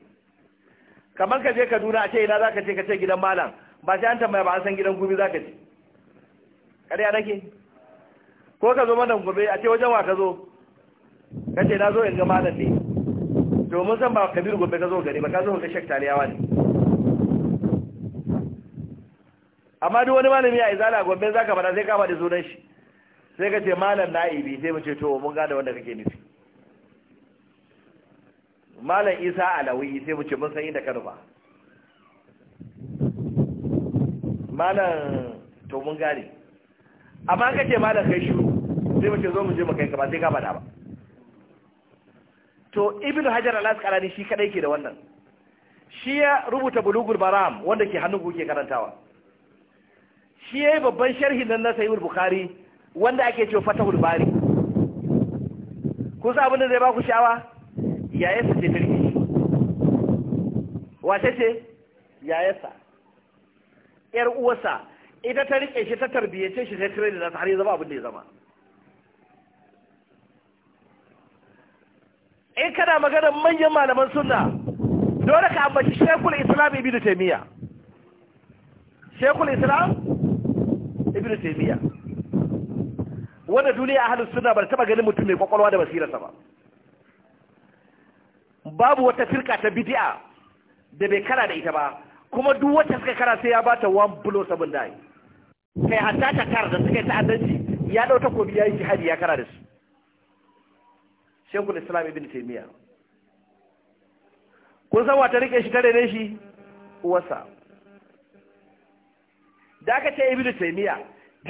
kamar ka je kaduna a ce ina za ka ce ka ce gidan malam ba sai an tambaya ba an san gidan gobe za ka ce ƙarya nake ko ka zo mana gobe a ce wajen wa ka zo ka ce na zo in ga malam ne domin san ba kabir gobe ka zo gari ba ka zo ga shek taliyawa ne amma duk wani malami a izala gobe za ka bada sai ka faɗi sunan shi sai ka ce malam na'ibi sai mu ce to mun gane wanda kake nufi malam isa alawi sai mu ce mun san inda ka nufa malam to mun gane amma kace malam kai shiru sai mu ce zo mu je mu kai ka ba sai ka faɗa ba to ibnu hajar al-asqalani shi kadai ke da wannan shi ya rubuta bulugul baram wanda ke hannun kuke karantawa shi yayi babban sharhi nan na sahihul bukhari wanda ake cewa fatahul bari kun san abin da zai ba ku sha'awa yayarsa ce ta rikici wace ce yayarsa yar uwarsa ita ta rike shi ta tarbiyyace shi sai tare da har ya zama abin da ya zama in kana magana manyan malaman sunna dole ka ambaci shekul islam ibnu taymiya shekul islam ibnu taymiya wanda duniya ahlus sunna bar taba ganin mutum mai kwakwalwa da basira ba babu wata firka ta bid'a da bai kara da ita ba kuma duk wacce suka kara sai ya ba ta one blow seven die kai hatta ta kara da suka yi ta'addanci ya dau takobi ya yi jihadi ya kara da su shekul islam ibn taymiya kun san wata rike shi tare da shi uwarsa da aka ce ibn taymiya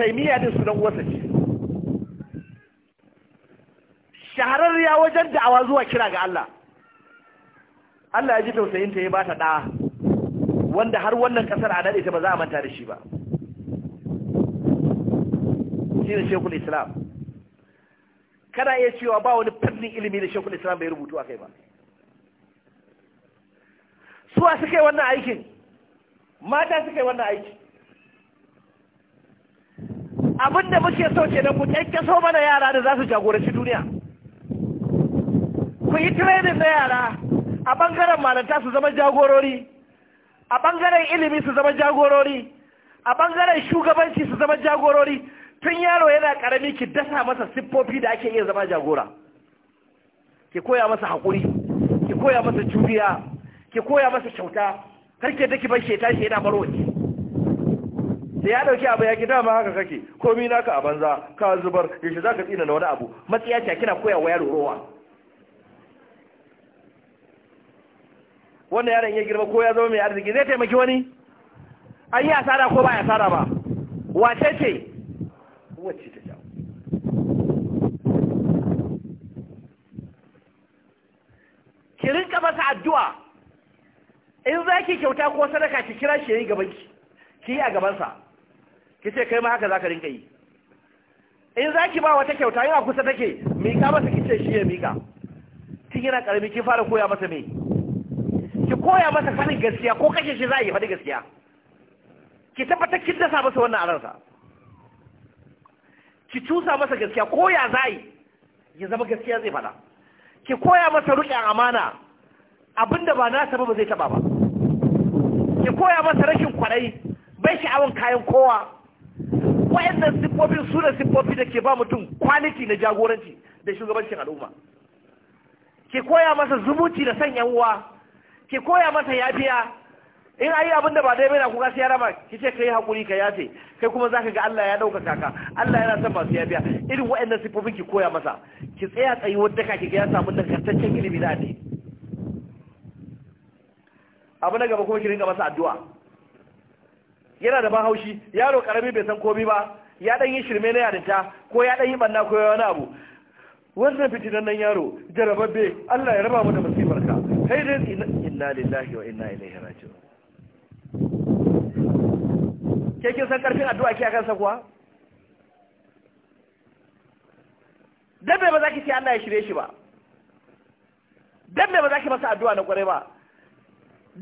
taymiya din sunan uwarsa ce shahararriya wajen da'awa zuwa kira ga Allah Allah ya ji tausayin ta ya ba ta da wanda har wannan kasar a dade ta ba za a manta da shi ba Shi ne shekul islam Kana iya cewa ba wani fannin ilimi da shekul islam bai rubutu a kai ba suwa suka yi wannan aikin mata suka yi wannan aiki abinda muke so ke nan mutanke so mana yara da za su jagoranci duniya ku yi training na yara a ɓangaren malanta su zama jagorori a ɓangaren ilimi su zama jagorori a ɓangaren shugabanci su zama jagorori tun yaro yana ƙarami ki dasa masa siffofi da ake iya zama jagora ki koya masa haƙuri ki koya masa juriya ki koya masa kyauta karke da ki bashe tashi yana marwaci da ya dauki abu ya ki dama haka kake komi naka a banza ka zubar yaushe za ka tsina na wani abu matsiya kina koya wa yaro rowa wannan yaron ya girma ko ya zama mai arziki zai taimaki wani an yi asara ko ba ya asara ba wace ce wacce ta jawo ki rinka masa addu'a in za ki kyauta ko sadaka ki kira shi ya yi gabanki ki yi a gabansa ki ce kai ma haka za ka rinka yi in za ki ba wata kyauta yana kusa take mika masa ki ce shi ya mika tun yana ƙarami ki fara koya masa mai koya masa faɗin gaskiya ko kashe shi za a yi faɗi gaskiya ki tabbatar kin dasa masa wannan aransa ki cusa masa gaskiya koya za a yi ya zama gaskiya zai faɗa ki koya masa rukin amana abinda ba na ba ba zai taba ba ki koya masa rashin kwarai bai sha'awan kayan kowa wayannan siffofin su da siffofi da ke ba mutum kwaliti na jagoranci da shugabancin al'umma Ki koya masa zumunci da son yan uwa ki koya masa yafiya in ayi abin da ba dai bai na kuka sai ya raba ki ce kai hakuri ka yafe kai kuma zaka ga Allah ya daukaka ka Allah yana son masu yafiya irin waɗannan sifofin ki koya masa ki tsaya tsayi wadda ka ki ga ya samu kantaccen ilimi na addini abu na gaba kuma ki ringa masa addu'a yana da bahaushi yaro karami bai san komai ba ya dan yi shirme na yarinta ko ya dan yi banna ko wani abu wannan fitinan nan yaro jarababbe Allah ya raba mu da masifarka kai dai inna lillahi wa inna ilaihi raji'un ke kin san karfin addu'a ke akan sa kuwa dabbe ba za ki ce Allah ya shirye shi ba dabbe ba za ki masa addu'a na kwarai ba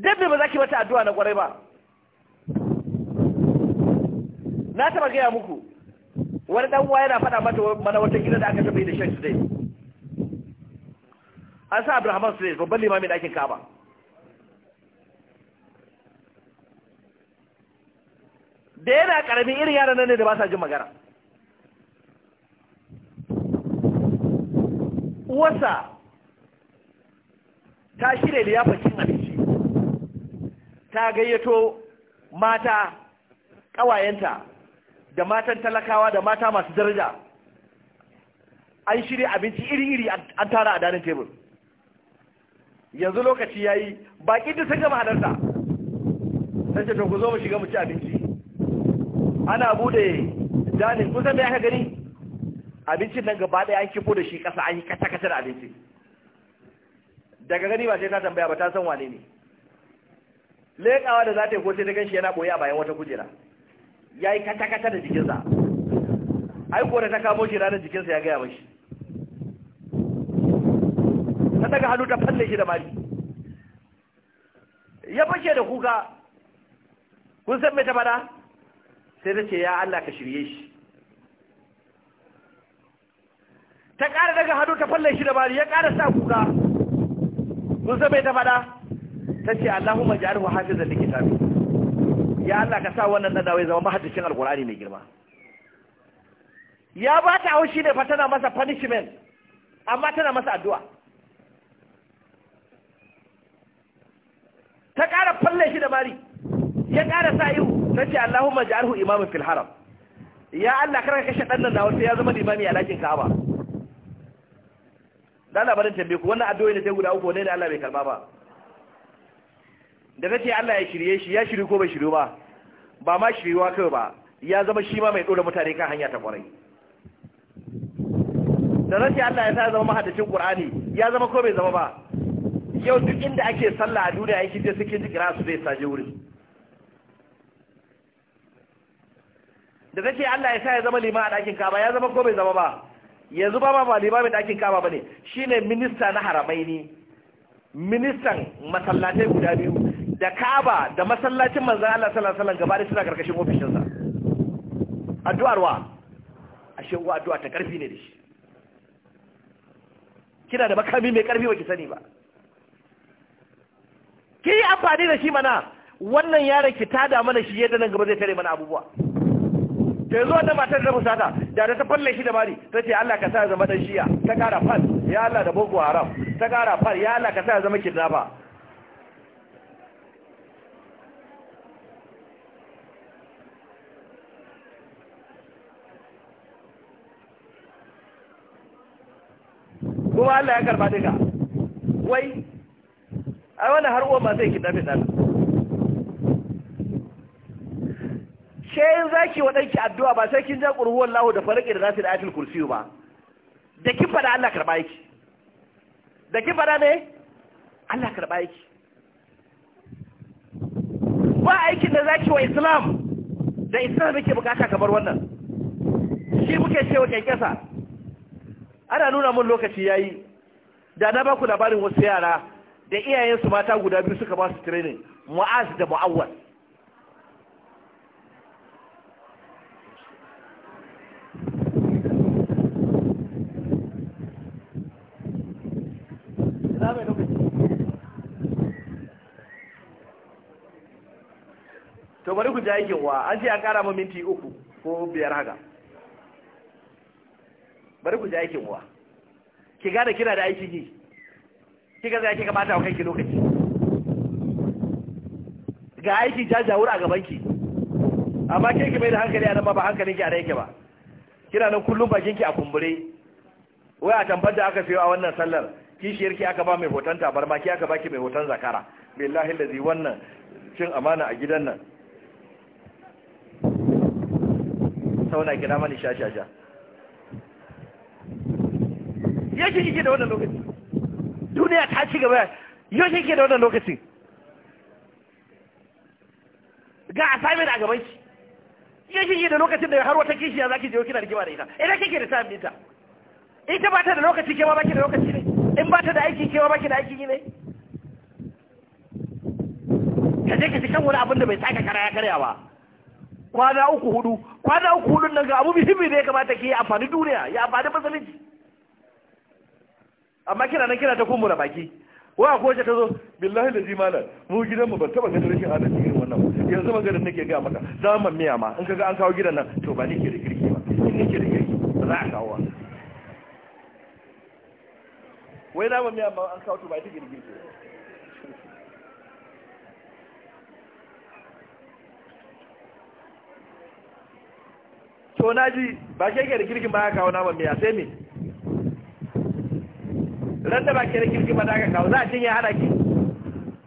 dabbe ba za ki mata addu'a na kwarai ba na taba gaya muku wani dan uwa yana faɗa mata mana wata gida da aka taɓa yi da shan today an sa Abraham Slade babban limamin ɗakin kaba da yana karamin irin yaran nan ne da ba sa jin magana uwarsa ta shirya liyafar cin abinci ta gayyato mata ƙawayenta da matan talakawa da mata masu daraja an shirya abinci iri-iri an tara a danin tebur yanzu lokaci ya yi baƙi da sun gama halarta sai ce to ku zo mu shiga mu ci abinci ana bude danin kusan mai aka gani abincin nan gaba ɗaya an kifo da shi ƙasa an yi kata-kata da abinci daga gani ba sai ta tambaya ba ta san wane ne leƙawa da za ta yi ko sai ta gan shi yana ɓoye a bayan wata kujera ya yi kata-kata da jikinsa ko da ta kamo shi ranar jikinsa ya gaya mashi ta daga hannu ta falle shi da mari ya fashe da kuka kun san mai ta fada sai ta ce ya Allah ka shirye shi ta ƙara daga hannu ta falle shi da bari ya ƙara sa kuka mun zama bai ta faɗa ta ce Allahumma ja'alhu hafizan li kitabi ya Allah ka sa wannan dan dawai zama mahaddicin alqur'ani mai girma ya ba ta haushi ne fa tana masa punishment amma tana masa addu'a ta ƙara falle shi da bari ya ƙara sa ihu nace Allahumma ja'alhu imaman fil haram ya Allah kar ka kashe dan nan nawa sai ya zama limami a lakin Ka'aba dan labarin tambaye ku wannan addu'o'i ne sai guda uku ne da Allah bai karba ba da nace Allah ya shirye shi ya shiri ko bai shiri ba ba ma shiriwa kai ba ya zama shi ma mai dora mutane kan hanya ta kwarai da nace Allah ya sa zama mahaddacin Qur'ani ya zama ko bai zama ba yau duk inda ake sallah a duniya yake je suke jikira su zai saje wurin da ta ce Allah ya sa ya zama lima a ɗakin kaba ya zama ko bai zama ba yanzu ba ma ba limamin ɗakin kaba ba ne shi ne minista na haramai ne ministan masallatai guda biyu da kaba da masallacin manzan Allah sallallahu alaihi wasallam gaba suna karkashin ofishinsa addu'ar wa ashe uwa addu'a ta karfi ne da shi kina da makami mai karfi baki sani ba ki yi amfani da shi mana wannan yaron ki tada mana shi yadda nan gaba zai tare mana abubuwa da yanzu wata matar da fusata da da ta falle shi da bari ta ce Allah ka sa ya zama dan shiya ta kara fal ya Allah da boko haram ta kara fal ya Allah ka sa ya zama kidnapper kuma Allah ya karba duka wai ai wannan har uwa ba zai kidnapper ɗan ke yin zaki wa addu'a ba sai kin ja ƙurhuwan lahu da falaƙi da nasu da ayatul kursi ba da kin fada Allah karɓa yake da kin fada ne Allah karɓa yake ba aikin da zaki wa islam da islam ke bukata kamar wannan shi muke cewa kyankyasa ana nuna mun lokaci ya yi da na baku labarin wasu yara da iyayensu mata guda biyu suka ba su training mu'az da mu'awwal to bari ku ji aikin wa an ce an kara mu minti uku ko biyar haka bari ku ji aikin wa ki gane kina da aikin ki, kika zai kika kai ki lokaci ga aiki jajawur a gaban ki amma ke ki mai da hankali a nan ba hankalin ki a yake ba kina nan kullum bakin ki a kumbure wai a da aka siyo a wannan sallar kishiyar ki aka ba mai hoton tabarma ki aka baki mai hoton zakara billahi lazi wannan cin amana a gidan nan ta wani kira mani sha sha sha yaushe kike da wannan lokaci duniya ta ci gaba yaushe kike da wannan lokaci ga assignment a gaban shi yaushe kike da lokacin da har wata ya zaki je kina rigima da ita idan kike da time ɗinta ita ba ta da lokaci ke ma baki da lokaci ne in ba ta da aiki ke ma baki da aiki ne ka je ka ci kan wani abin da bai saka kara ya karya ba kwana uku hudu kwana uku hudun nan ga abu muhimmi da ya kamata ke yi amfani duniya ya amfani musulunci amma kira nan kira ta mura baki wa ko ta zo billahi da jimala mu gidan mu ba taba ganin rashin adalci irin wannan yanzu maganar nake ga maka zaman miya ma in kaga an kawo gidan nan to ba nake da kirki ba in nake da kirki ba za a kawo wai zaman miya ma an kawo to ba nake da kirki ba to na ji ba ke yake da kirkin ba ka kawo naman miya sai mi ran da ba ke da kirkin ba za ka kawo za a cinye hada ki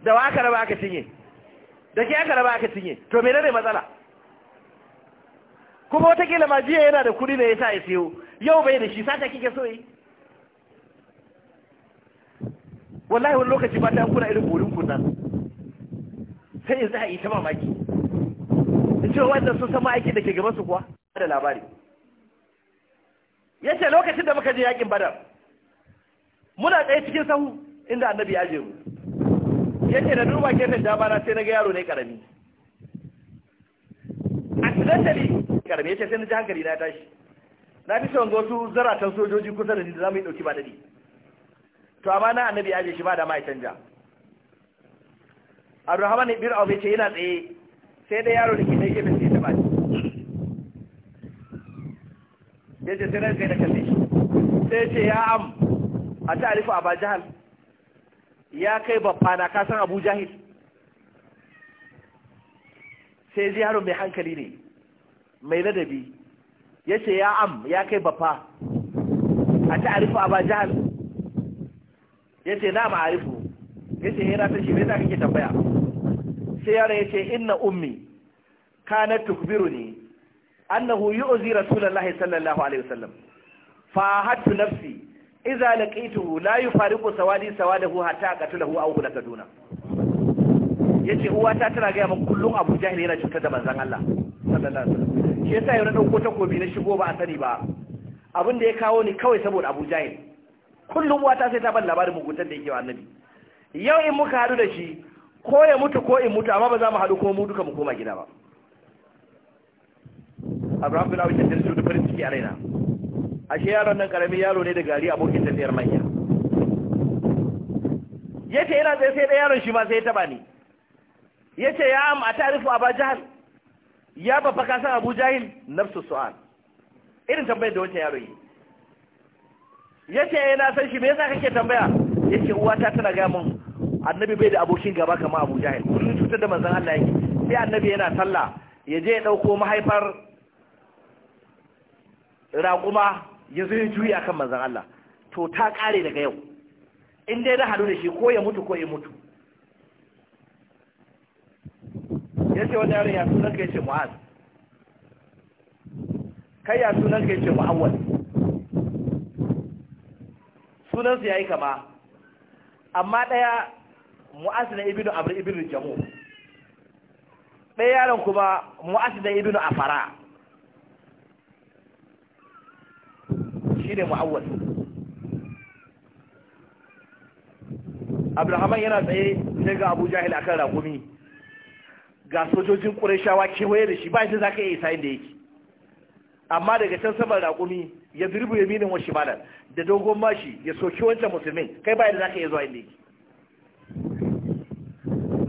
da wa aka raba aka cinye da ke aka raba aka cinye to mai ne matsala kuma kila ma jiya yana da kuɗi ne ya sa ya siyo yau bai da shi sata kike so yi wallahi wani lokaci ba ta kuna irin burin kuna sai in za a yi ta mamaki in ce wanda sun sama aiki da ke gaban su kuwa da labari ya ce lokacin da muka je yakin badar muna tsaye cikin sahu inda annabi ya je mu ya ce da duba gefen damana sai na ga yaro ne karami accidentally karami ya ce sai na ji hankali na tashi na fi son wasu zaratan sojoji kusa da ni da za mu yi ɗauki ba daɗi to amma na annabi ya je shi ba da ma ya canja abdulrahman ibn auf ya ce yana tsaye sai da yaro da ke ɗaya gefen ya ce sai ranka da kalli shi sai ce ya am a ta'arifu a bajahal ya kai babba na ka san abu jahil sai ji yaro mai hankali ne mai ladabi ya ce ya am ya kai babba a ta'arifu a bajahal ya ce na ma'arifu ya ce hera ta shi ne za ka ke tambaya sai yaron ya ce inna ummi kanat tukbiru ne annahu yu'zi rasulullahi sallallahu alaihi wasallam fa hatu nafsi idza laqituhu la yufariqu sawadi sawadahu hatta qatalahu aw hulakaduna yace uwa ta tana ga mun kullun Abu Jahil yana cutar da manzon Allah sallallahu alaihi wasallam shi yasa yau na dauko takobi na shigo ba a sani ba abin da ya kawo ni kawai saboda Abu Jahil kullum ta sai ta ban labarin muguntar da yake wa annabi yau in muka hadu da shi ko ya mutu ko in mutu amma ba za mu hadu ko mu duka mu koma gida ba abraham bin abu shaddin su da farin ciki a raina ashe yaron nan karami yaro ne da gari abokin tafiyar manya ya ce yana tsaye sai da yaron shi ma sai ya taba ni ya ce ya am a tarifu a jahal ya babba ka san abu jahil nafsu su'al irin tambayar da wancan yaro yi ya ce yana eh, san shi me yasa kake tambaya ya ce uwata tana gaya mun annabi bai da abokin gaba kama abu jahil kullum cutar da manzon Allah yake sai annabi yana sallah ya je ya ɗauko mahaifar raƙuma ya zo ya juyi kan manzan Allah to ta ƙare daga yau in dai na haɗu da shi ko ya mutu ko ya mutu ya ce wani yaron ya sunan ka ya ce mu'az kai ya sunan ka ya ce mu'awwal sunansu ya yi kama amma ɗaya mu'az na ibinu abin ibinu jamu ɗaya yaron kuma mu'az na ibinu afara ne mu'awwal Abdurrahman yana tsaye sai ga Abu Jahil akan ragumi ga sojojin Qurayshawa kewaye da shi ba shi zaka iya isa da yake amma daga can saman ragumi ya zirbu ya minin wasu malar da dogon mashi ya soki wancan musulmin kai ba da za ka iya zuwa inda yake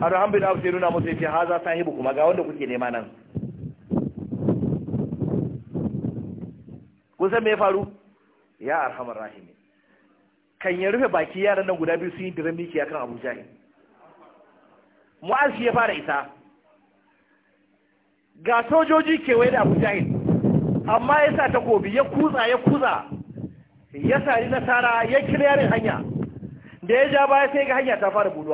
har bin abu sai nuna musu ya ce ha sahibu kuma ga wanda kuke nema nan kun san me ya faru ya arhamar rahimi kan ya rufe baki yaran nan guda biyu sun yi diran miki akan Abu Jahil Mu'az ya fara isa ga sojoji kewaye da Abu Jahil amma ya sa takobi ya kuza ya kuza ya sari nasara ya kiliyarin hanya da ya ja baya sai ga hanya ta fara guduwa.